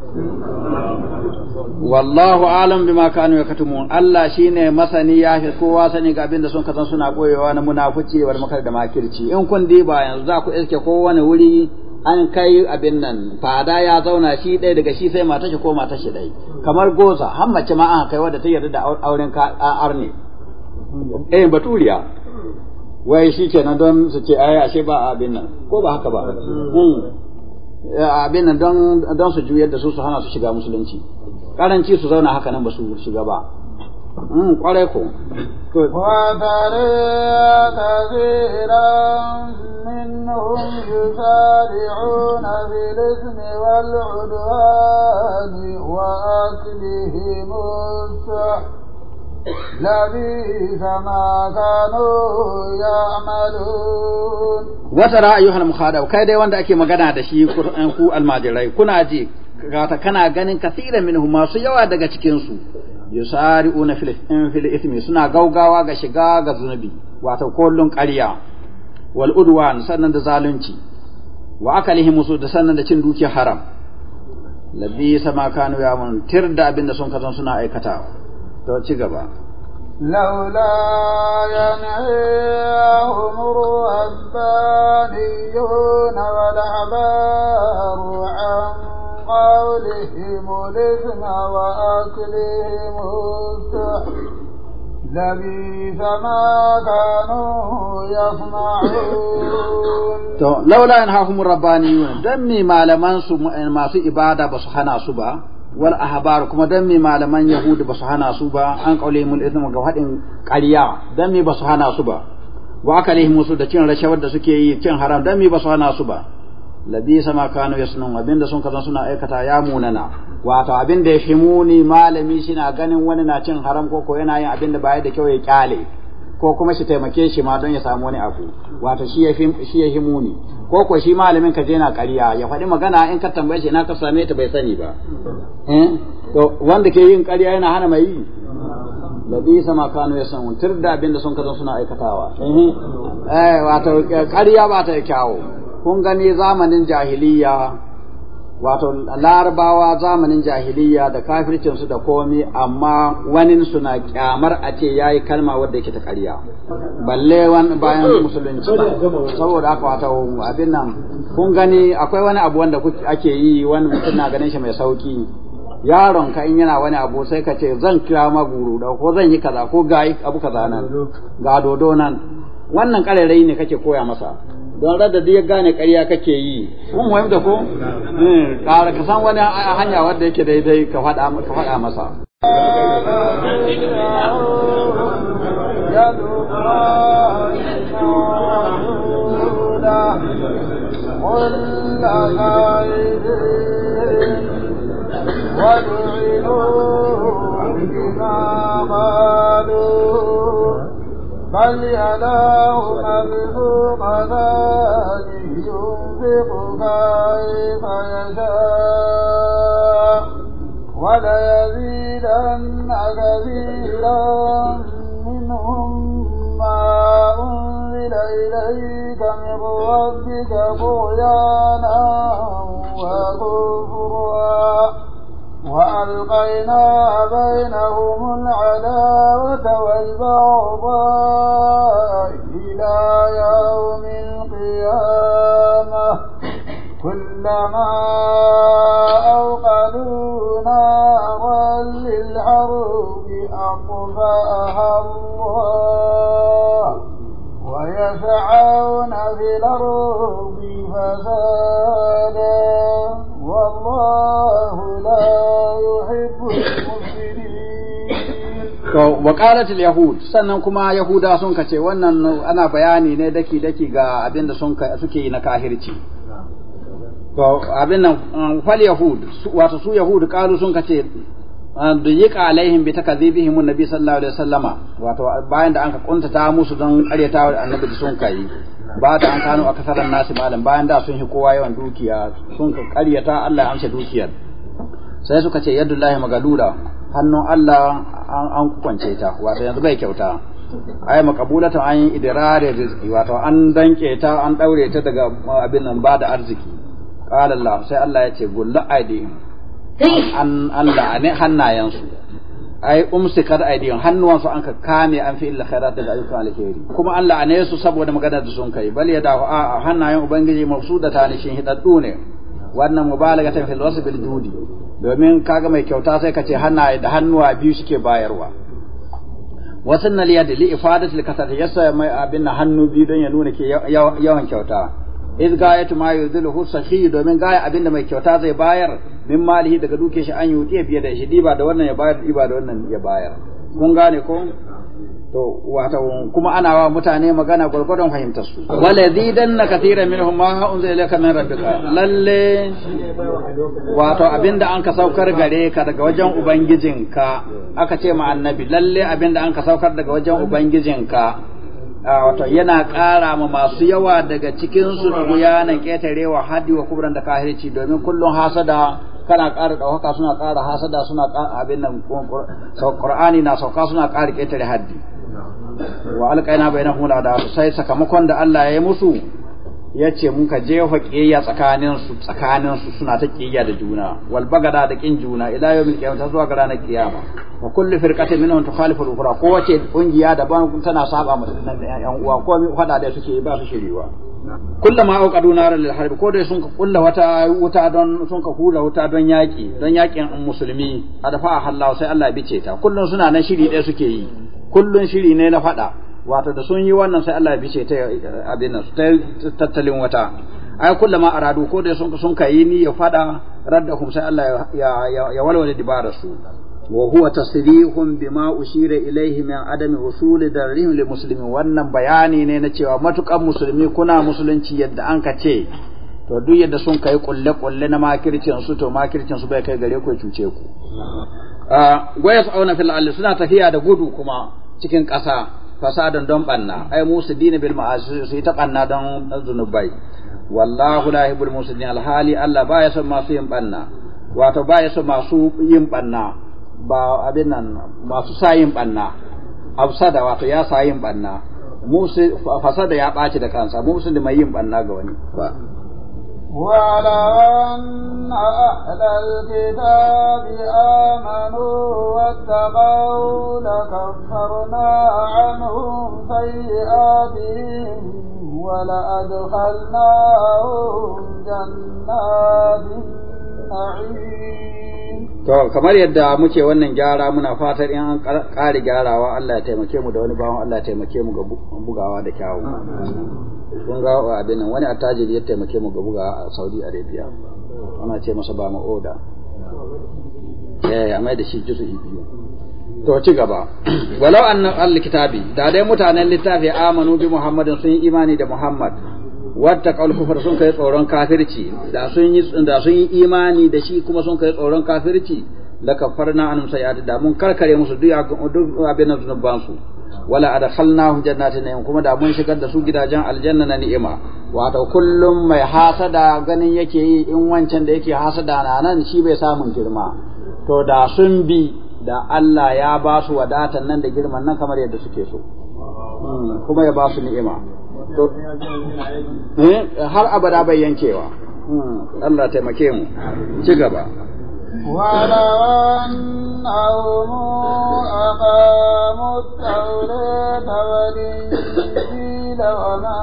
wallahu alam bima kanu yakatumun Allah shine masani ya fi kowa sani ga abin da sun kasan suna koyewa na munafuci wal makar da makirci in kun diba yanzu za ku iske kowane wuri an kai abin nan fada ya zauna shi ɗaya daga shi sai mata shi ko mata shi ɗaya kamar goza har mace ma an kai wadda ta yarda da auren arne eh baturiya wai shi na don su ce ai ashe ba abin nan ko ba haka ba hmm. abin nan don don su juyar da su su hana su shiga musulunci karanci su zauna haka nan ba su shiga ba うん、これこ。wata ra'ayuhar muhadar kai dai wanda ake magana da shi kuran ku almajirai kuna ji gata kana ganin kasirin minhu masu yawa daga cikinsu yusari'una fil fil ithmi suna gaugawa ga shiga ga zunubi wato kullun ƙarya wal udwan sannan da zalunci wa akalihim su da sannan da cin dukiya haram labbi sama kanu ya mun tirda abin da sun kazan suna aikata to ci gaba لولا ينهيهم الربانيون عن قولهم الإثم وأكلهم لبيث ما كانوا يصنعون الربانيون دمي ما لمن سمع ما ibada إبادة بصحنا سبا wal ahbar kuma dan malaman yahudi basu hana su ba an qaulihimul ga hadin ƙarya dan mi hana su ba wa musu da cin rashawar da suke yi cin haram dan hana su ba labi sama kanu yasnun abinda sun kazan suna aikata ya munana wato abinda ya fi muni malami shina ganin wani na cin haram ko ko yana yin abinda baya da kyau ya kyale ko kuma shi taimake shi ma don ya samu wani abu wato shi ya shi ya muni ko ko shi malamin ka je na ƙarya ya faɗi magana in ka tambaye shi na ka same ta bai sani ba eh to wanda ke yin ƙarya yana hana mai yi labi sama kanu yasnun tirda da abinda sun kazan suna aikatawa eh? eh wato ƙarya ba ta kyawo. kun gani zamanin jahiliya wato larabawa zamanin jahiliya da kafircinsu da komi amma wani suna kyamar a ce ya kalma wadda yake ta ƙarya balle wan bayan musulunci saboda haka wato abin nan kun gani akwai wani abu wanda ake yi wani mutum na ganin shi mai sauki yaron ka in yana wani abu sai ka ce zan kira maguru da ko zan yi kaza ko ga abu kaza nan ga dodo nan wannan ƙarairayi ne kake koya masa don rada da ya gane ƙarya kake yi kun wayar da ko ƙara ka san wani hanya wanda yake daidai ka faɗa ka masa وادعوا بما قالوا بل يداه مبسوطتان ينفق كيف يشاء وليزيدن كثيرا منهم ما أنزل إليك من ربك طغيانا وكفرا وألقينا بينهم العداوة والبغضاء إلى يوم القيامة كلما أوقدوا نارا للحرب أطفأها الله ويسعون في الأرض فسادا والله لا يحب المفسدين وقالت اليهود sannan kuma yahuda sun kace wannan ana bayani ne daki daki ga abin da sun suke yi na kahirci to abin nan fal yahud wato su yahud kalu sun kace duyik alaihim bi takadhibihim annabi sallallahu alaihi wasallama wato bayan da an ka kuntata musu don karyatawa annabi da sun kai ba da an kano a kasaran nasu malam bayan da sun yi kowa yawan dukiya sun ka karyata Allah ya amsa dukiyar sai suka ce yadullahi magalula hannun Allah an kwance ta wato yanzu bai kyauta ai makabulata an yi idrarar rizqi wato an danke ta an daure ta daga abin nan ba da arziki qala Allah sai Allah ya ce gullu aidihim an Allah hannayensu ai umsikar aidiyon hannuwansu an ka kame an fi illa khairat daga ayyukan alheri kuma an la'ane su saboda maganar da sun kai bal ya dahu a hannayen ubangiji mafsuda ta ne shin hidaddu ne wannan mubalaga ta fil wasf bil judi domin kaga mai kyauta sai ka ce hannaye da hannuwa biyu suke bayarwa wasan na liyadi li ifadatil kasar yasa mai abin hannu biyu don ya nuna ke yawan kyauta iz gayatu ma domin gaya abinda mai kyauta zai bayar min malihi daga duke shi an biye da shi diba da wannan ya bayar diba da wannan ya bayar kun gane ko to wato kuma ana wa mutane magana gurgurdan fahimtar su walazidan na kathiran minhum ma unzila ilayka min rabbika lalle wato abinda an ka saukar gare ka daga wajen ubangijinka aka ce ma annabi lalle abinda an ka saukar daga wajen ubangijinka Ah, wato yana ƙara ma masu yawa daga cikin su tuguyanan ƙetarewa hadi wa kubran da kahirci domin kullum hasada kana ƙara ɗaukaka suna ƙara hasada suna abin nan Qur'ani na sauka suna ƙara ƙetare haddi wa alƙaina bainahum da sai sakamakon da Allah ya yi musu ya ce mun ka jefa ƙiyayya tsakaninsu su suna ta ƙiyayya da juna wal bagada da kin juna ila yawmil qiyamah zuwa ga ranar kiyama wa kullu firqatin minhum tukhalifu al-ukhra ko wace kungiya daban tana saba mu da yan uwa ko fada da suke ba su shirewa kullu ma auqadu nar lil harbi ko dai sun ka kulla wata wuta don sun ka hula wuta don yaki don yakin musulmi adafa Allah sai Allah ya bice ta kullun suna na shiri ɗaya suke yi kullun shiri ne na fada wato da sun yi wannan sai Allah ya bice ta eh, abin nan ta tattalin wata ai kullama aradu ko da sun sun kai ni ya fada raddahum sai Allah ya ya walwala dibara su wa huwa tasrihum bima ushira ilayhi min adami usuli darrihim li muslimin wannan bayani ne na cewa matukan musulmi kuna musulunci yadda an ka ce to duk yadda sun kai kulle kulle na makircin su to makircin su bai kai gare ku cuce ku gwayas ah, auna fil suna tafiya da gudu kuma cikin ƙasa fasadan don banna ai musidina bil ma'asi su ta banna don zunubai wallahu la yuhibbul musidin alhali Allah baya son masu yin banna wato baya son masu yin banna ba abin nan masu sayin banna afsada wato ya sayin banna musu fasada ya ɓaci da kansa musu da mai yin banna ga wani ولو أن أهل الكتاب آمنوا واتقوا لكفرنا عنهم سيئاتهم ولأدخلناهم جنات النعيم To, kamar yadda muke wannan gyara muna fatar in an ƙari gyarawa Allah ya taimake mu da wani bawan Allah ya taimake mu ga bugawa da kyawu. Kun ga abin wani attajiri ya taimake mu ga bugawa a Saudi Arabia. Ana ce masa ba mu oda. Eh, a mai da shi jisu biyu. To ci gaba. Walau annan al-kitabi, da dai mutanen littafi amanu bi Muhammadin sun yi imani da Muhammad. wadda kufur sun kai tsoron kafirci da sun yi da sun yi imani da shi kuma sun kai tsoron kafirci la kafarna anum sayi'ati da mun karkare musu duk abin da zunuban su wala adkhalnahum jannatin na'im kuma da mun shigar da su gidajen aljanna na ni'ima wato kullum mai hasada ganin yake yi in wancan da yake hasada na nan shi bai samu girma to da sun bi da Allah ya ba su wadatan nan da girman nan kamar yadda suke so hmm, kuma ya ba su ni'ima Eh, har abada bai yankewa. Allah taimake mu, ci gaba. Walawan aumu aqamu taure tawari da wana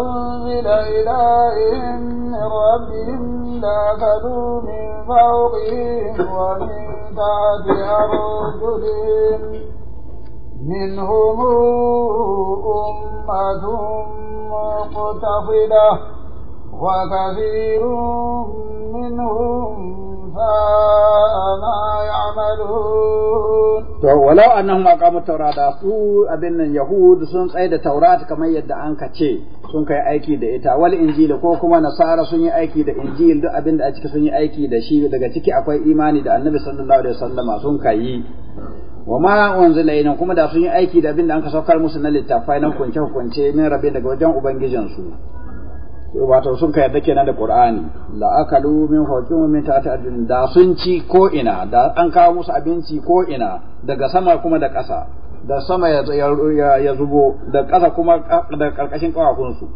unzila ila in rabbihim la kadu min fawqihim wa min ta'ati arjulihim. منهم أمة مقتفدة وكثير منهم ساء ما يعملون ولو أنهم أقاموا التوراة su abin nan Yahudu sun tsaye da Taurat kamar yadda an ce sun kai aiki da ita wal Injil ko kuma Nasara sun yi aiki da Injil duk abin da a ciki sun yi aiki da shi daga ciki akwai imani da Annabi sallallahu alaihi wasallama sun kai wa ma unzila nan kuma da sun yi aiki da abin da an ka saukar musu na littafai na kunce kunce min rabbi daga wajen ubangijin su wato sun ka yarda kenan da qur'ani la akalu min wa min ta'ati ajin da sun ci ko ina da an kawo musu abinci ko ina daga sama kuma da ƙasa da sama ya zubo da ƙasa kuma da ƙarƙashin ƙawafun su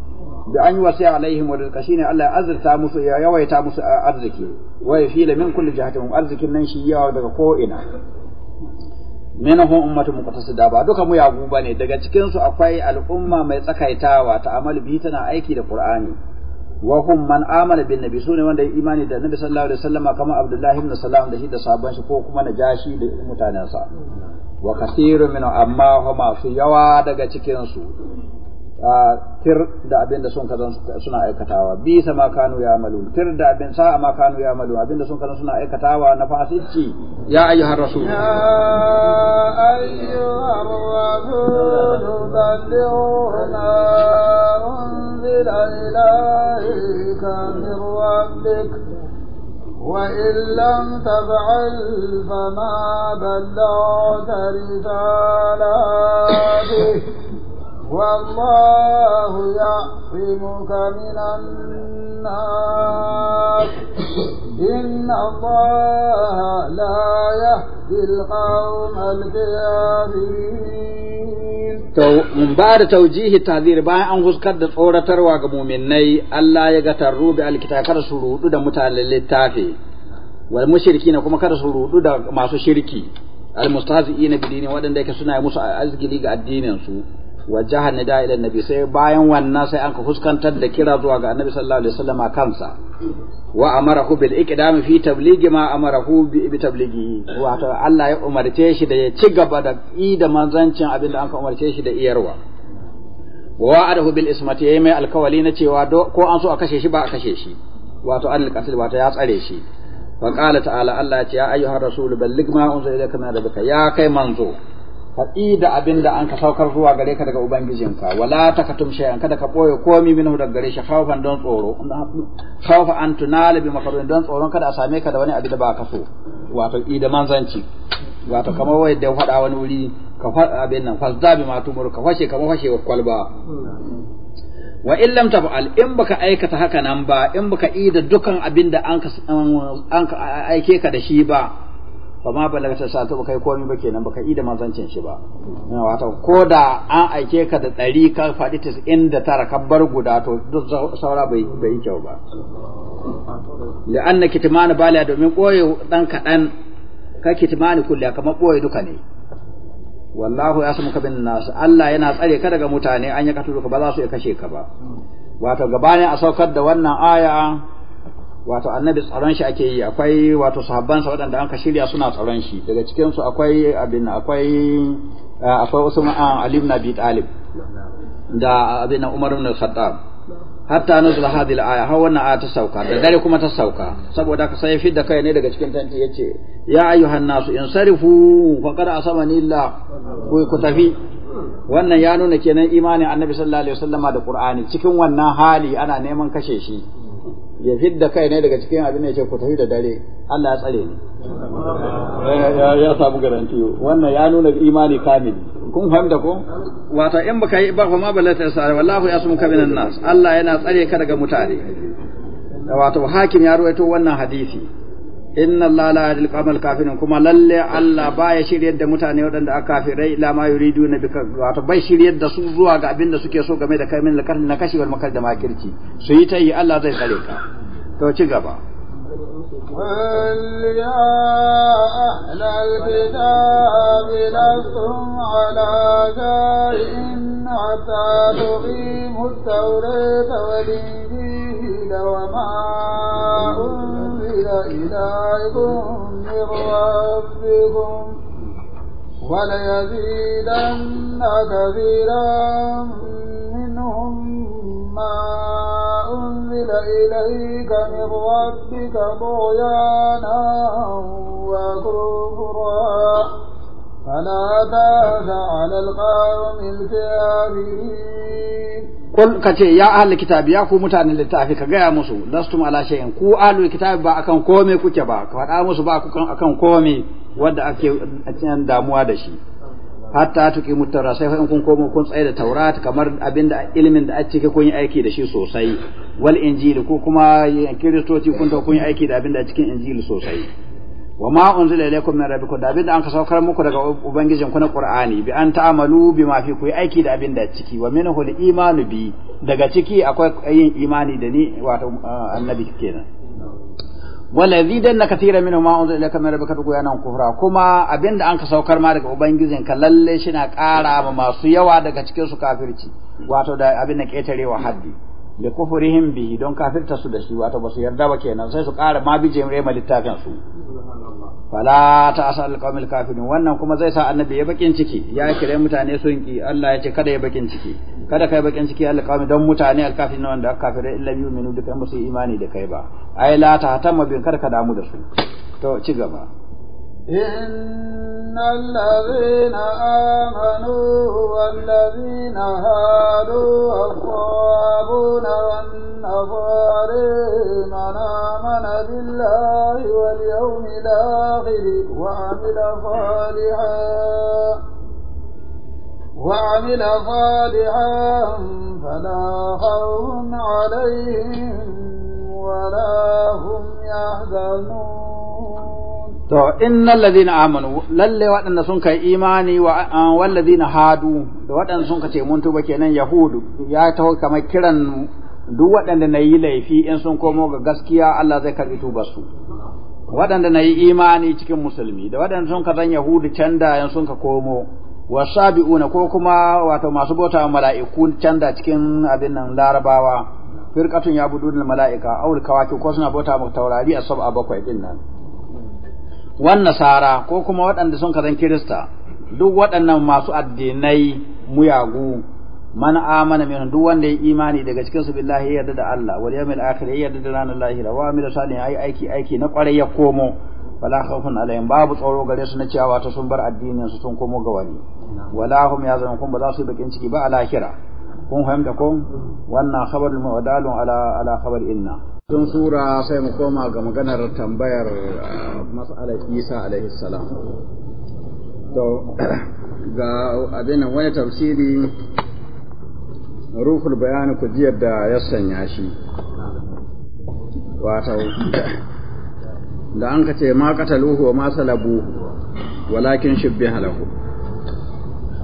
da an yi a alaihim wa rizqi ne Allah ya azurta musu ya yawaita musu arziki wa yafila min kulli jihatin arzikin nan shi yawa daga ko ina minhum ummatun muqtasida ba duka mu yagu bane daga cikin su akwai al'umma mai tsakaitawa ta amal bi tana aiki da qur'ani wa hum man amana bin nabi sune wanda ya imani da nabi sallallahu alaihi wasallama kama abdullahi ibn salam da shi da sahabban shi ko kuma najashi da mutanensa wa kathirun min amma huma fi yawa daga cikin su tir da abin da sun kazan suna aikatawa bi sama kanu ya malu tir da abin sa ma kanu ya malu abin da sun kazan suna aikatawa na fasici ya ayyuhar rasul ya ayyuhar rasul ballighna unzila min وإن لم تفعل فما بلغت رسالاته والله يعصمك من الناس إن الله لا يهدي القوم الكافرين بعد توجيه التحذير باي أن غزكت تصورة تروى مؤمني ألا يغتروا بالكتاب كرا سرود دا متعلل للتافي والمشركين كما كرا سرود دا ماسو شركي المستهزئين بدين ودن ديك سنة مسو أزجلي قد دينين سو wajaha nida ila nabi sai bayan wannan sai an ka fuskantar da kira zuwa ga annabi sallallahu alaihi wasallam kansa wa amarahu bil iqdami fi tablighi ma amarahu bi tablighi wato Allah ya umarce shi da ya ci gaba da i da manzancin abin da an ka umarce shi da iyarwa wa wa'adahu bil ismati yayi mai alkawali na cewa ko an so a kashe shi ba a kashe shi wato an alqatil wato ya tsare shi fa qala ta'ala Allah ya ce ya ayyuhar rasul balligh ma unzila ilayka min rabbika ya kai manzo faɗi da abin da an ka saukar zuwa gare ka daga ubangijinka wala tumshe an kada ka ɓoye komi minhu daga gare shi haufan don tsoro haufa an tunala bi makaru don tsoron kada a same ka da wani abu da ba ka so wato i da manzanci wato kamar wai da faɗa wani wuri ka faɗa abin nan fasda bi ma muru, ka fashe kamar fashe wa kwalba wa in lam taf'al in baka aikata haka nan ba in baka da dukan abin da an ka aike ka da shi ba ba ma balagta sa'atu baka kai komai ba kenan baka ida mazancin shi ba wato ko da an aike ka da ɗari ka faɗi ta inda tara ka bar guda to duk saura bai yi kyau ba Da li'anna kitmanu bala domin ɓoye ɗan kaɗan ka kitmanu kulle kamar ɓoye duka ne wallahu ya samu kabin nasu Allah yana tsare ka daga mutane an yi katuluka ba za su iya kashe ka ba wato gabanin a saukar da wannan aya wato annabi tsaron shi ake yi akwai wato sahabbansa waɗanda an ka shirya suna tsaron shi daga cikin su akwai abin akwai akwai Usman Ali ibn Abi Talib da abin Umar ibn Khattab hatta nuzula hadhihi al-aya har wannan aya ta sauka da dare kuma ta sauka saboda ka sai fidda kai ne daga cikin tanti yace ya ayyuhan nasu insarifu faqad asamani Allah ku tafi wannan ya nuna kenan imanin annabi sallallahu alaihi wasallama da qur'ani cikin wannan hali ana neman kashe shi ya fidda kai ne daga cikin abin da yake ku tafi da dare Allah ya tsare ni ya samu garantiyo wannan ya nuna imani kamili kun fahimta ko wato in baka yi ba fa ma balata sare ya yasmuka minan nas Allah yana tsare ka daga mutane wato hakim ya ruwaito wannan hadisi inna Allah la yahdil qawmal kafirin kuma lalle Allah baya shiryar da mutane waɗanda aka kafirai ila ma bika wato bai shiryar da su zuwa ga abin da suke so game da kai min na kashi wal makar da makirci su yi ta yi Allah zai tsare ka to ci gaba قل يا أهل الكتاب لستم على شيء حتى تقيموا التوراة والإنجيل وما أنزل إلى إلهكم من ربكم وليزيدن كثيرا منهم ما أنزل إليك من ربك طغيانا وكفرا فلا باس على القوم الكافرين قل ka ce ya الكتاب يا ya ku mutanen littafi ka gaya musu شيء ala shay'in ku ahli kitabi ba akan kome kuke ba ka faɗa musu ba ku akan kome wanda ake damuwa da shi hatta tuqimu tawra sai fa in kun komo kun da taurat kamar abinda ilimin da ake kun yi aiki da shi sosai wal injili ko kuma kiristoci kun ta kun yi aiki da abinda a cikin injili sosai wa ma unzila ilaykum min rabbikum da abinda an ka saukar muku daga ubangijin ku na qur'ani bi an ta'amalu bima fi ku aiki da abinda ciki wa minhu al-imanu bi daga ciki akwai yin imani da ni wato uh, annabi kenan wala zidan kathira minhu ma unzila ilaykum min rabbikum nan kufra kuma abinda an ka saukar ma daga ubangijin ka lalle shi na ƙara ma masu yawa daga cikin su kafirci wato da abinda ketarewa haddi da kufurihin bihi don kafirta su da shi wato su yarda ba kenan sai su ƙara ma bije rema littafin su fala ta asal qawmil kafirin wannan kuma zai sa annabi ya bakin ciki ya kire mutane sun ki Allah ya ce kada ya bakin ciki kada kai bakin ciki al qawmi don mutane al kafirin wanda kafirai illa yu'minu da kai musu imani da kai ba ai la ta hatamma bin kar ka damu da su to ci gaba إن الذين آمنوا والذين هادوا والصالحون عمل صالحا فلا خوف عليهم ولا هم يحزنون To, innan ladina amanu, lalle waɗanda sun kai imani wa ladina hadu, da waɗanda sun ce mun tuba kenan Yahudu, ya ta kamar kiran duk waɗanda na yi laifi in sun komo ga gaskiya Allah zai karɓi tubarsu. Waɗanda na yi imani cikin musulmi, da waɗanda sun ka zan Yahudu can da sun ka komo, wasabi'una ko kuma wato masu bauta mala'iku can da cikin abin nan larabawa firqatun da mala'ika aw kawaki ko suna bauta mu taurari a sab'a bakwai din nan wannan sara ko kuma waɗanda sun karan kirista duk waɗannan masu addinai muyagu man amana min duk wanda ya imani daga cikin su billahi yadda da Allah wal yawmil akhir yadda da ranar lahira wa amila salihin ai aiki aiki na kwarai ya komo wala khawfun alaihim babu tsoro gare su na cewa ta sun bar addinin su sun komo ga wani wala hum ya zama kun ba za su yi bakin ciki ba a lahira kun fahimta ko wannan khabarul mu'adalun ala ala khabar inna Sun sura sai mu koma ga maganar tambayar ah, mas'alar isa alaihi salam to ga abin nan wani tafsiri ruhul bayani ku da ya sanya shi wato da an kace ma kataluhu wa ma salabuhu walakin shubbiha lahu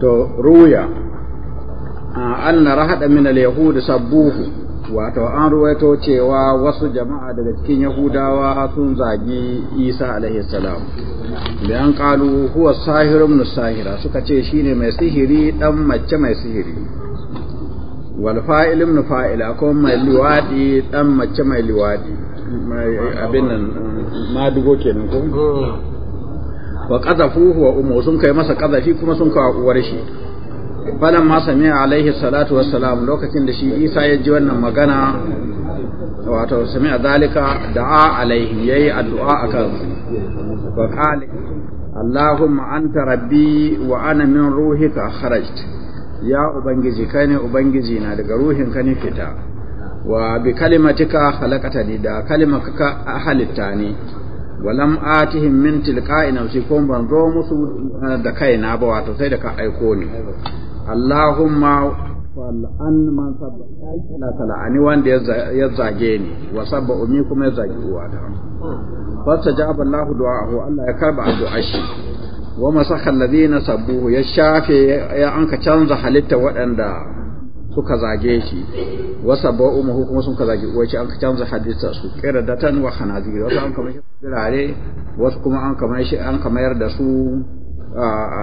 to ruya anna rahada min al-yahud sabbuhu wato an ruwaito cewa wasu jama'a daga cikin yahudawa sun zagi isa alaihi salam da an kalu huwa sahiru min sahira suka ce shine mai sihiri dan mace mai sihiri wal fa'il min fa'ila ko mai liwadi dan mace mai liwadi abin nan ma dugo kenan ko wa qadafuhu wa ummu sun kai masa ƙazafi kuma sun kawo uwar shi falan ma sami alaihi salatu wassalam lokacin da shi Isa ya ji wannan magana wato sami zalika da'a alaihi yayi addu'a akan wa qala Allahumma anta rabbi wa ana min ruhika kharajt ya ubangiji kai ne ubangiji na daga ruhin ka ne fita wa bi kalimatika khalaqatani da kalimaka halitta ni walam atihim min tilqa'i nafsi kum ban zo musu eh, da kaina ba wato sai da ka aiko ni Allahumma Wa an man sabba kala sala ani wanda ya zage ni wa sabba ummi kuma ya zage ta fasta jaba Allah du'a'ahu Allah ya karba addu'ar shi wa masakha alladhina sabbuhu ya shafe ya anka canza halitta waɗanda suka zage shi wasa ba umuhu kuma sun ka zage uwaci an canza hadisa su kira datan wa hanazir wasu an kamar shi birare wasu kuma an kamar shi an kamar da su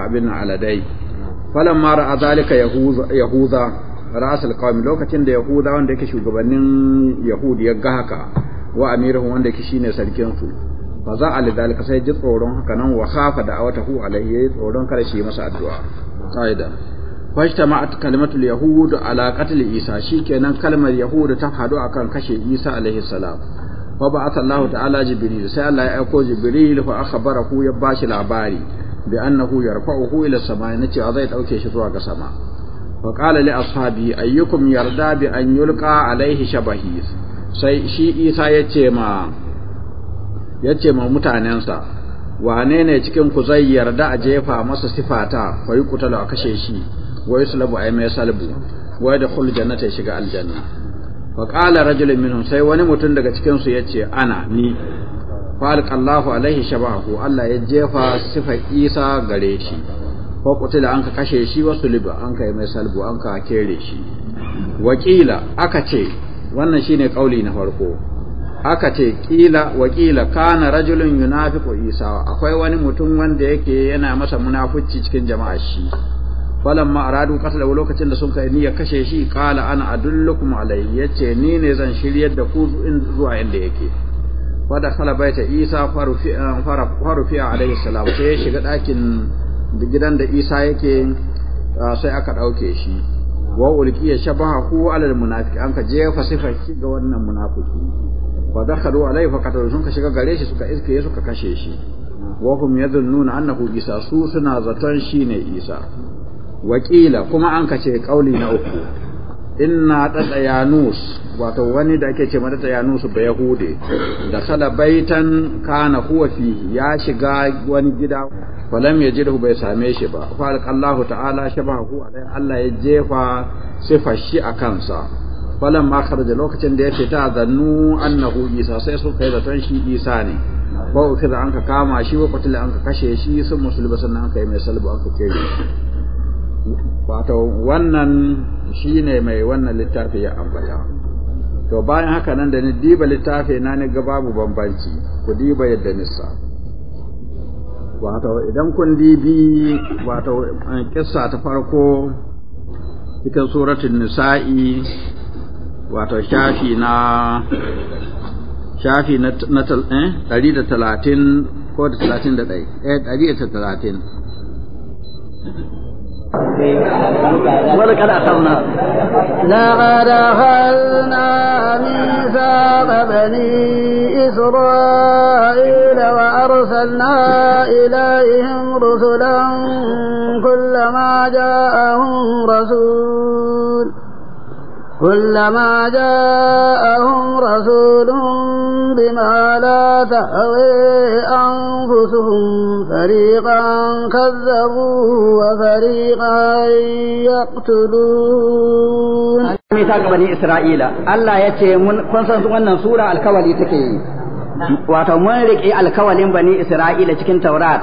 abin aladai falan mara azalika zalika yahuza ra'as alqawm lokacin da yahuza wanda yake shugabannin yahudi ya ga haka wa ki wanda yake shine sarkin su fa za a lidalika sai ji tsoron haka nan wa khafa da awatahu alaihi tsoron kada shi masa addu'a qaida fajtama'at kalimatul yahud ala qatl isa shikenan kalmar yahud ta hadu akan kashe isa alaihi salam fa ba'atha Allah ta'ala jibril sai Allah ya aiko jibril fa akhbarahu ya bashi labari bi annahu yarfa'uhu ila samai nace zai dauke shi zuwa ga sama fa qala li ashabi ayyukum yarda bi an yulqa alaihi shabahi sai shi isa yace ma yace ma mutanensa wane ne cikin ku zai yarda a jefa masa sifata fa yi kutalo a kashe shi wa a ay mai salbu da yadkhul jannata ya shiga aljanna fa qala rajulun minhum sai wani mutum daga cikin su ce ana ni fa alqallahu alaihi shabahu Allah ya jefa sifa Isa gare shi fa kutila an ka kashe shi wa liba an ka mai salbu an ka kere shi wakila aka ce wannan shine kauli na farko aka ce kila wakila kana rajulun yunafiqu isa akwai wani mutum wanda yake yana masa munafici cikin jama'a shi falamma aradu qatla wa lokacin da sun kai ya kashe shi qala ana adullukum alayhi yace ni ne zan shiryar da ku zuwa inda yake wa kala baita isa faru fi eh, alayhi salam sai ya shiga dakin gidan da isa yake eh, sai aka dauke shi wa ya shabaha ku alal almunafiq an ka jefa sifar ga wannan munafiki fa dakhalu alayhi fa qatalu sun ka shiga gare shi suka iske suka kashe shi wa hum yadhunnuna annahu isa su suna zaton shine isa wakila kuma an kace kauli na uku inna tata yanus wato wani da ake ce mata tata yanus ba yahude da kala baitan kana huwa fi ya shiga wani gida falam yajidu bai same shi ba fa alqallahu ta'ala shabahu alai Allah ya jefa sifa shi a kansa Falon ma kharaja lokacin da ya fita zannu annahu isa sai su kai zaton shi isa ne ba ku da an ka kama shi wa an ka kashe shi sun musulba sannan an ka yi mai salbu an ka kere wato wannan shine mai wannan littafi ya ambata to bayan haka nan da ni diba littafi na ni ga babu bambanci ku diba yadda nisa wato idan kun dibi wato eh, kissa ta farko cikin suratul nisa'i wato shafi na shafi na eh, ɗari da talatin ko da talatin da ɗai eh, ɗari da talatin wani kada a sauna laƙada halna nisa babani isra'ila wa arsalna ilayhim rusulan kullama ja'ahum rasul كلما جاءهم رسول بما لا تهوي أنفسهم فريقا كذبوا وفريقا يقتلون ميثاق بني إسرائيل الله يتي من كنسان سورة الكوالي تكي wato mun riƙe alkawalin bani isra'ila cikin taurat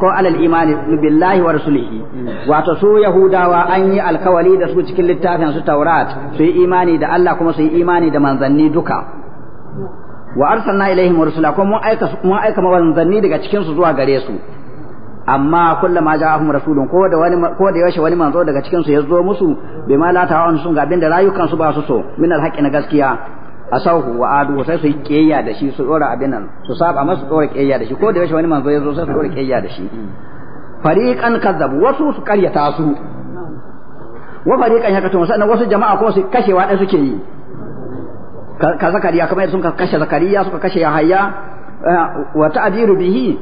ko alal imani billahi wa rasulihi wato su yahudawa an yi alkawali da su cikin littafin su taurat su yi imani da Allah kuma su yi imani da manzanni duka wa arsalna ilaihim rusula ko mun aika mun aika manzanni daga cikin su zuwa gare su amma kullama ja'ahum rasulun ko da wani ko da yaushe wani manzo daga cikin su ya zo musu bima la ta'awun sun ga abin da rayukan su ba su so min alhaqi na gaskiya asahu wa adu sai su yi da shi su dora abin nan su saba masu su dora ƙeya da shi ko da yaushe wani manzo ya zo sai su dora ƙeya da shi fariqan kazzabu wasu su karyata su wa fariqan yakatun sannan wasu jama'a ko su kashe wa suke yi ka zakariya kamar sun kashe zakariya suka kashe yahaya eh, wa ta'diru bihi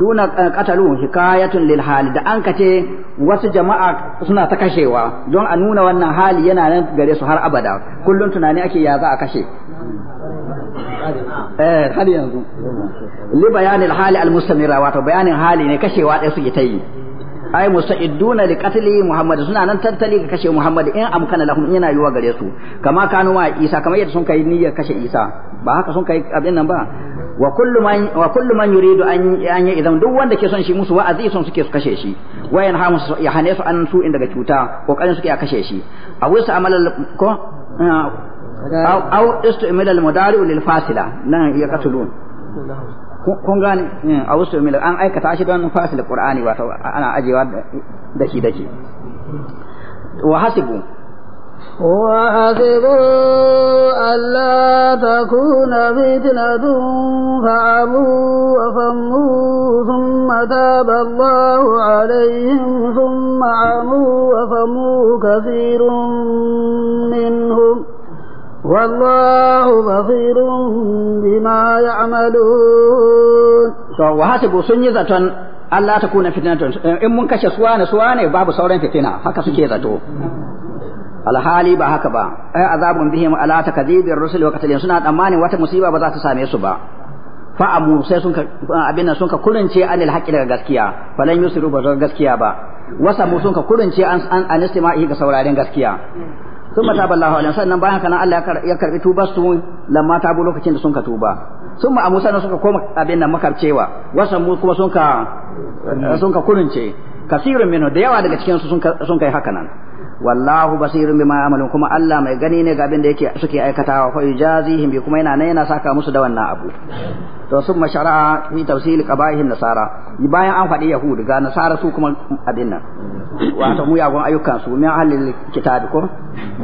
duna eh, qatalu hikayatun lil hal da an kace wasu jama'a suna ta kashewa don a nuna wannan hali yana nan gare su har abada kullun tunani ake ya za a kashe eh har yanzu li bayanil hali al mustamira wato bayanin hali ne kashewa dai suke ta yi ai musta'iduna li qatli muhammad suna nan tantali ga kashe muhammad in amkana lahum yana yiwa gare su kama kanu ma isa kamar yadda sun kai niyyar kashe isa ba haka sun kai abin nan ba wa kullu man wa kullu man yuridu an an idan duk wanda ke son shi musu wa'azi son suke su kashe shi wa yanhamu ya hane su an su in daga cuta kokarin suke a kashe shi a wusa amalan ko ah, au istu'mila al-mudari lil fasila nan kun gane eh, au istu'mila an aikata shi don fasil qur'ani wato ana ajewa da shi dake wa hasibu وحسبوا ألا fa فتنة فعموا وفموا ثم تاب الله عليهم ثم عموا وفموا كثير والله بصير بما يعملون to wahasibu sun yi zaton Allah ta kuna fitnatun in mun kashe suwa ne suwa ne babu sauran fitina haka suke zato alhali ba haka ba ai azabun bihim ala takdhibir rusul wa qatlin suna tsammanin wata musiba ba za ta same su ba fa amu sai sun abin nan sun ka kurince anil haqqi daga gaskiya falan yusiru ba ba wasa mu sun ka kurince an an istima'i ga sauraren gaskiya sun mata ballahu alaihi sannan bayan kana Allah ya karbi tubar su lamma ta bu lokacin da sun ka tuba sun ma Musa ne suka koma abin nan makarcewa wasan mu kuma sun ka sun ka kurunce kasirin minu da yawa daga cikin su sun kai haka nan wallahu basirun bima ya'malun kuma Allah mai gani ne ga abin da yake suke aikatawa fa yujazihim bi kuma yana ne yana saka musu da wannan abu to sun mashara'a fi tafsil qaba'ihin nasara bayan an faɗi yahudi ga nasara su kuma abin nan wato yagon ayyukan su min ahli kitab ko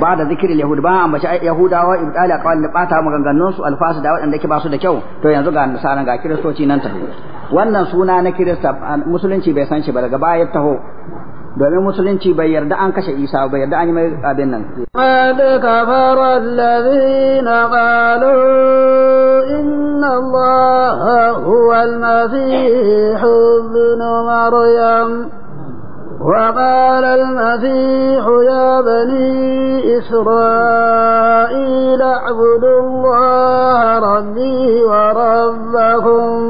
ba da zikirin yahud ba an bashi yahudawa ibtali qawl da bata maganganun su alfasu da waɗanda ke ba su da kyau to yanzu ga nasara ga kiristoci nan ta wannan suna na kirista musulunci bai san shi ba daga baya taho domin musulunci bai yarda an kashe Isa bai yarda an yi mai abin nan qad kafara alladhina qalu inna allaha huwa al-masih ibn maryam وقال المسيح يا بني إسرائيل اعبدوا الله ربي وربكم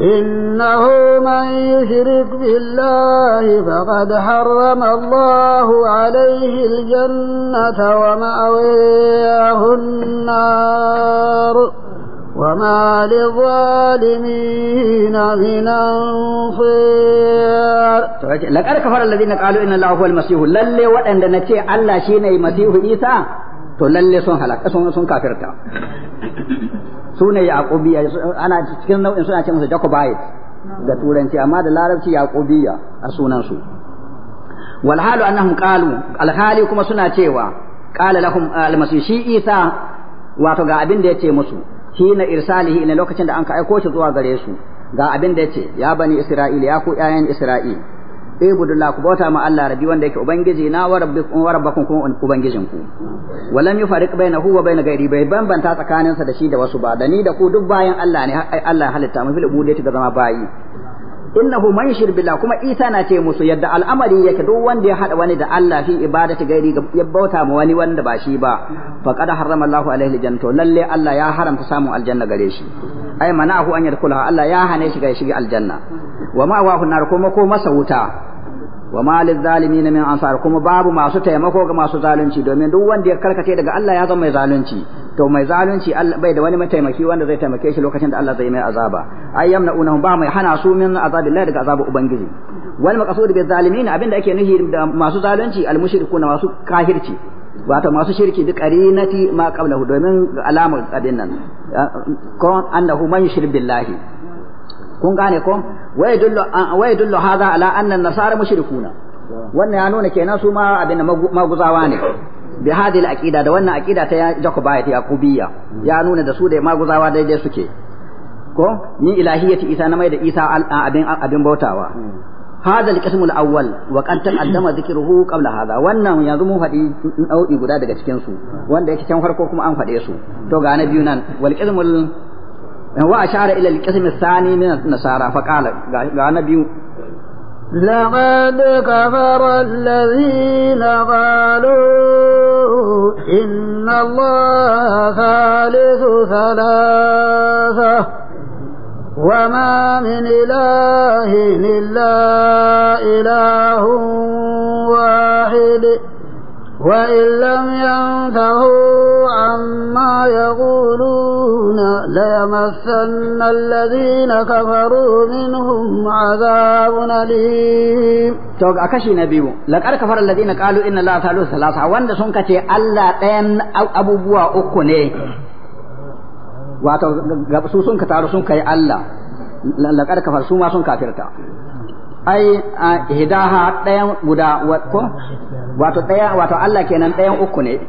إنه من يشرك بالله فقد حرم الله عليه الجنة ومأويه النار وما للظالمين من أنصير لقد كفر الذين قالوا إن الله هو المسيح للي وأن نتي الله شيني مسيح إيسا to lalle sun halaka sun sun kafirta su ne ana cikin nau'in suna ce musu jacobite da turanci amma da larabci yaqubiya a sunan su wal halu annahum qalu al kuma suna cewa qala lahum al shi isa wato ga abin da yace musu hina irsalihi ina lokacin da an ka aiko shi zuwa gare su ga abin da yace ya bani isra'ila ya ku 'ya'yan isra'ila Budula ku bauta ma Allah rabbi wanda yake ubangiji na wa rabbikum wa rabbakum kuma ubangijin ku walam yufariq bainahu wa bain ghairi bai bambanta tsakaninsa da shi da wasu ba da ni da ku duk bayan Allah ne Allah halitta mu fil ubudiyyati da zama bayi innahu man billah kuma isa na ce musu yadda al'amari yake duk wanda ya hada wani da Allah fi ibadati gairi ya bauta ma wani wanda ba shi ba qad harrama Allahu alaihi aljanna lalle Allah ya haramta samun aljanna gare shi ai manahu an yadkhulaha Allah ya hane shi ga shiga aljanna wa ma wa hunnar kuma ko masa wuta wa ma na min ansar kuma babu masu taimako ga masu zalunci domin duk wanda ya karkace daga Allah ya zama mai zalunci to mai zalunci bai da wani mataimaki wanda zai taimake shi lokacin da Allah zai mai azaba ay yamna'unahu ba mai hana su min azabillahi daga azabu ubangiji wal maqsud bi zalimin abinda ake nuhi da masu zalunci al mushrikuna masu kafirci wato masu shirki duk qarinati ma qablahu domin alamar abin nan ko annahu man yushrik billahi kun gane ko wai dullu waya dullu hadha ala anna an-nasara mushrikuna wannan ya nuna kenan su ma abin maguzawa ne bihadil hadhihi aqida da wannan aqida ta Jacobite Yakubiyya ya nuna da su da maguzawa daidai suke ko ni ilahiyyati Isa na mai da Isa abin abin bautawa hadha al-qism awwal wa qad taqaddama dhikruhu qabla hadha wannan yanzu mun faɗi nau'i guda daga cikin su wanda yake can farko kuma an fade su to ga na biyu nan wal qismul wa ashara ila al sani na min nasara fa qala ga na biyu لقد كفر الذين قالوا إن الله ثالث ثلاثة وما من إله إلا إله واحد وإن لم ينتهوا عما يقولون ليمسن الذين كفروا منهم عذاب أليم to a na biyu laqad kafara alladhina qalu inna allaha thalu thalatha wanda sun kace Allah ɗayan abubuwa uku ne wato su sun ka taru sun kai Allah kafar su sun kafirta ai a hidaha ɗayan guda ko wato ɗaya wato Allah kenan ɗayan uku ne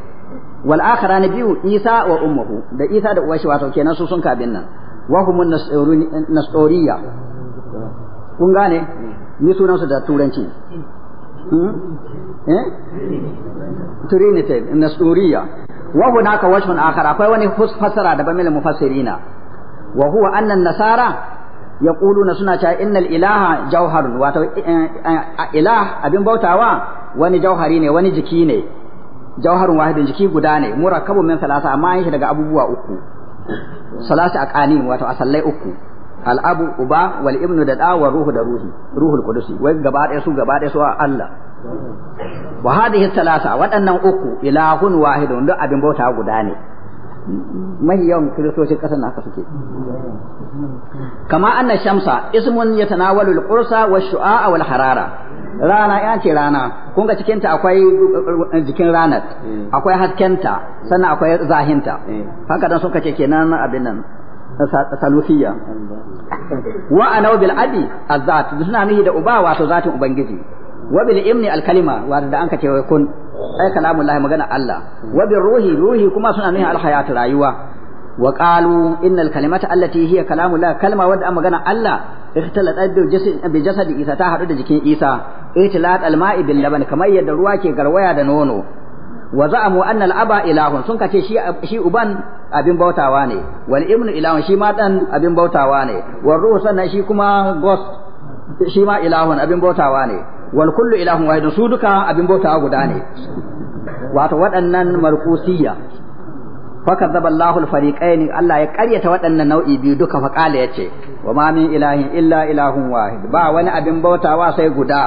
wal akhara na biyu Isa wa ummuhu da Isa da uwashi wato kenan su sun kabin nan wa humun nasoriya kun gane ni sunan su da turanci hmm? eh trinity nasoriya wa hunaka wajhun akhara akwai wani fasara daban mil mufassirina wa huwa anna nasara yaquluna suna cewa innal ilaha jauharun wato ilah abin bautawa wani jauhari ne wani jiki ne jauharun wahidin jiki guda ne murakkabun min salasa amma yin shi daga abubuwa uku salasa aqanin wato asallai uku al abu uba wal ibnu da dawa ruhu da ruhi ruhul qudusi wai gaba ɗaya su gaba ɗaya su Allah wa hadhihi salasa waɗannan uku ilahun wahidun duk abin bautawa guda ne mahiyan kiristocin ƙasar na haka suke kama anna shamsa ismun yatanawalu al-qursa wash-shu'a wal-harara rana ya ce rana kun ga cikinta akwai eh, jikin ranar eh. akwai haskenta sannan akwai zahinta eh. haka dan suka ce kenan abin nan salufiya wa ana bil abi azat suna nihi da uba wato zatin ubangiji wa bil imni al kalima wato da an ce kun ai kalamullahi magana Allah wa bil ruhi ruhi kuma suna nuhi al hayat rayuwa wa qalu innal kalimata allati hiya kalamu la kalma wadda an magana Allah ikhtalat bi jasadi Isa ta hadu da jikin Isa ihtilat alma'i bil laban kamar yadda ruwa ke garwaya da nono wa za'amu anna al-aba ilahun sun kace shi uban abin bautawa ne wal ibnu ilahun shi ma dan abin bautawa ne wal ruhu sannan shi kuma ghost shi ma ilahun abin bautawa ne kullu su duka abin bautawa guda ne waɗannan markusiyya فكذب الله Allah ya ƙaryata waɗannan nau'i biyu duka fa ya ce wa ma min ilahin illa ilahun wahid ba wani abin bautawa sai guda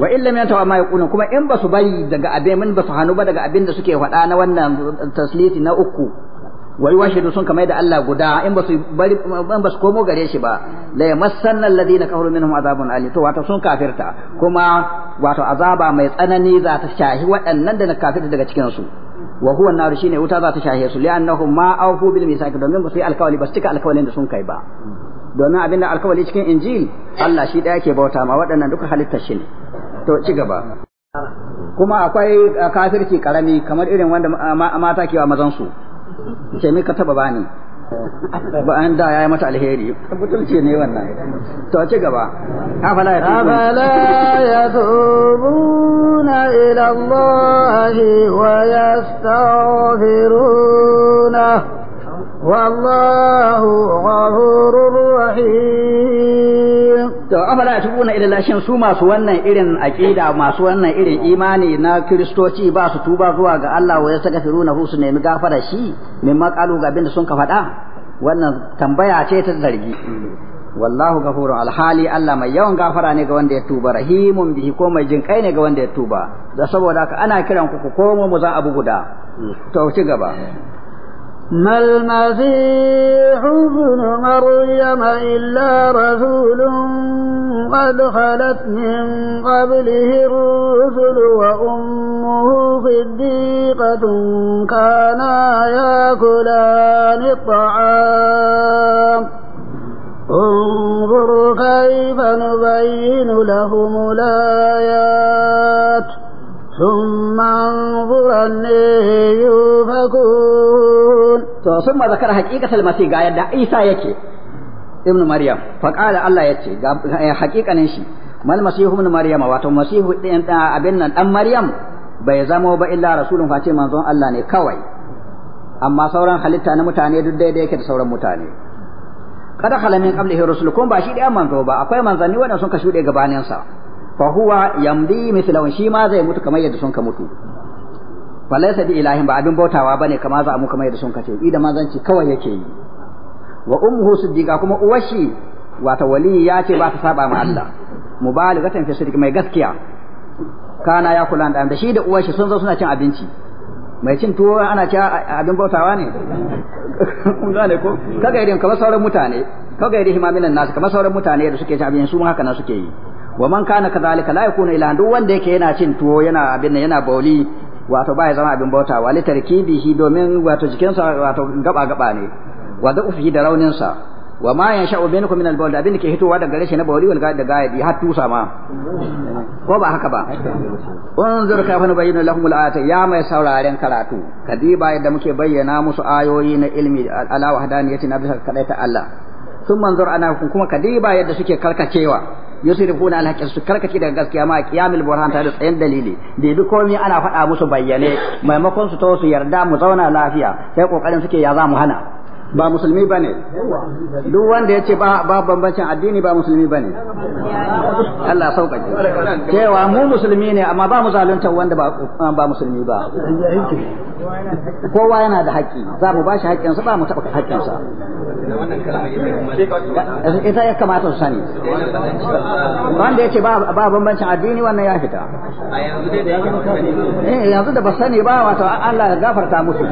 wa illam yantawa ma yaqulun kuma in basu bari daga abin min basu hanu ba daga abin da suke faɗa na wannan tasliti na uku wai washidu sun kamar da Allah guda in basu bari ba su komo gare shi ba la yamassanna alladhina kafaru minhum azabun ali to wato sun kafirta kuma wato azaba mai tsanani za ta shahi waɗannan da na kafirta daga cikin su wa huwa an-nar shine wuta za ta shahe su annahum ma awfu bil misaki domin ba su yi alkawali ba su cika alkawalin da sun kai ba domin abinda alkawali cikin injil Allah shi da ke bauta ma waɗannan duka halittar shi ne to ci gaba kuma akwai kafirci karami kamar irin wanda mata ke wa mazan su ce mi ka taba bani ba an da yayi mata alheri butulci ne wannan to ci gaba afala ya tubu يتوبون إلى الله ويستغفرونه والله غفور رحيم to afala tubuna ila lashin su masu wannan irin aqida masu wannan irin imani na kristoci ba su tuba zuwa ga Allah wa saka hu su nemi gafara shi mimma qalu ga abinda sun ka faɗa wannan tambaya ce ta zargi wallahu ghafurun alhali Allah mai yawan gafara ne ga wanda ya tuba rahimun bihi ko mai jin kai ne ga wanda ya tuba da saboda haka ana kiran ku ku komo mu za abu guda to ci gaba ما illa rasulun مريم إلا رسول قد خلت من قبله الرسل وأمه صديقة كانا ياكلان الطعام انظر كيف نبين لهم الآيات ثم انظر أني يوفكون ثم ذكر حقيقة المسيح قال قاعد إيسا يكي ابن مريم فقال الله يكي حقيقة نشي ما المسيح ابن مريم wato masihu din abin nan dan maryam bai zamo ba illa rasulun face manzon Allah ne kawai amma sauran halitta na mutane duk daidai yake da sauran mutane kada halamin qablihi rusul kun ba shi da manzo ba akwai manzanni wanda sun ka shuɗe gabanin sa fa huwa yamdi mithlahu shi ma zai mutu kamar yadda sun ka mutu walaysa bi ilahin ba abin bautawa bane kama za mu kamar yadda sun ka ce idan manzanci kawai yake yi wa ummuhu siddiqa kuma uwashi wata wali ya ce ba ta saba ma Allah mubaligatan fi siddiq mai gaskiya kana ya kula da shi da uwashi sun zo suna cin abinci mai cin tuwo ana cewa abin bautawa ne kun gane ko kaga irin kamar sauran mutane kaga irin himaminan nasu kamar sauran mutane da suke cin abin su ma haka na suke yi wa man kana kadhalika la yakunu ila duk wanda yake yana cin tuwo yana abin yana bauli wato ba ya zama abin bautawa li tarkibihi domin wato jikinsa wato gaba gaba ne wa da ufi da raunin sa wa ma yansha'u bainakum min al-bawl abin ke hitowa daga gare shi na bawli wal da gaidi har tusa ma ko ba haka ba unzur kayfa nubayyinu lahum al-ayati ya mai sauraren karatu kadiba yadda muke bayyana musu ayoyi na ilmi ala wahdaniyati na bisa kadai ta Allah sun manzur ana kuma kadiba yadda suke karkacewa yusrifuna al-haqqi su karkace daga gaskiya ma qiyamul burhan ta da tsayin dalili da komi komai ana faɗa musu bayyane maimakon su to su yarda mu zauna lafiya sai kokarin suke ya za mu hana ba musulmi ba ne duk wanda ya ce ba bambancin addini ba musulmi ba ne Allah sauƙaƙe cewa mu musulmi ne amma ba mu zaluntar wanda ba musulmi ba kowa yana da haƙƙi za mu ba shi haƙƙinsa ba mu taɓa haƙƙinsa ita ya kamata su sani wanda ya ce ba bambancin addini wannan ya fita eh, yanzu da ba sani ba wato Allah ya gafarta musu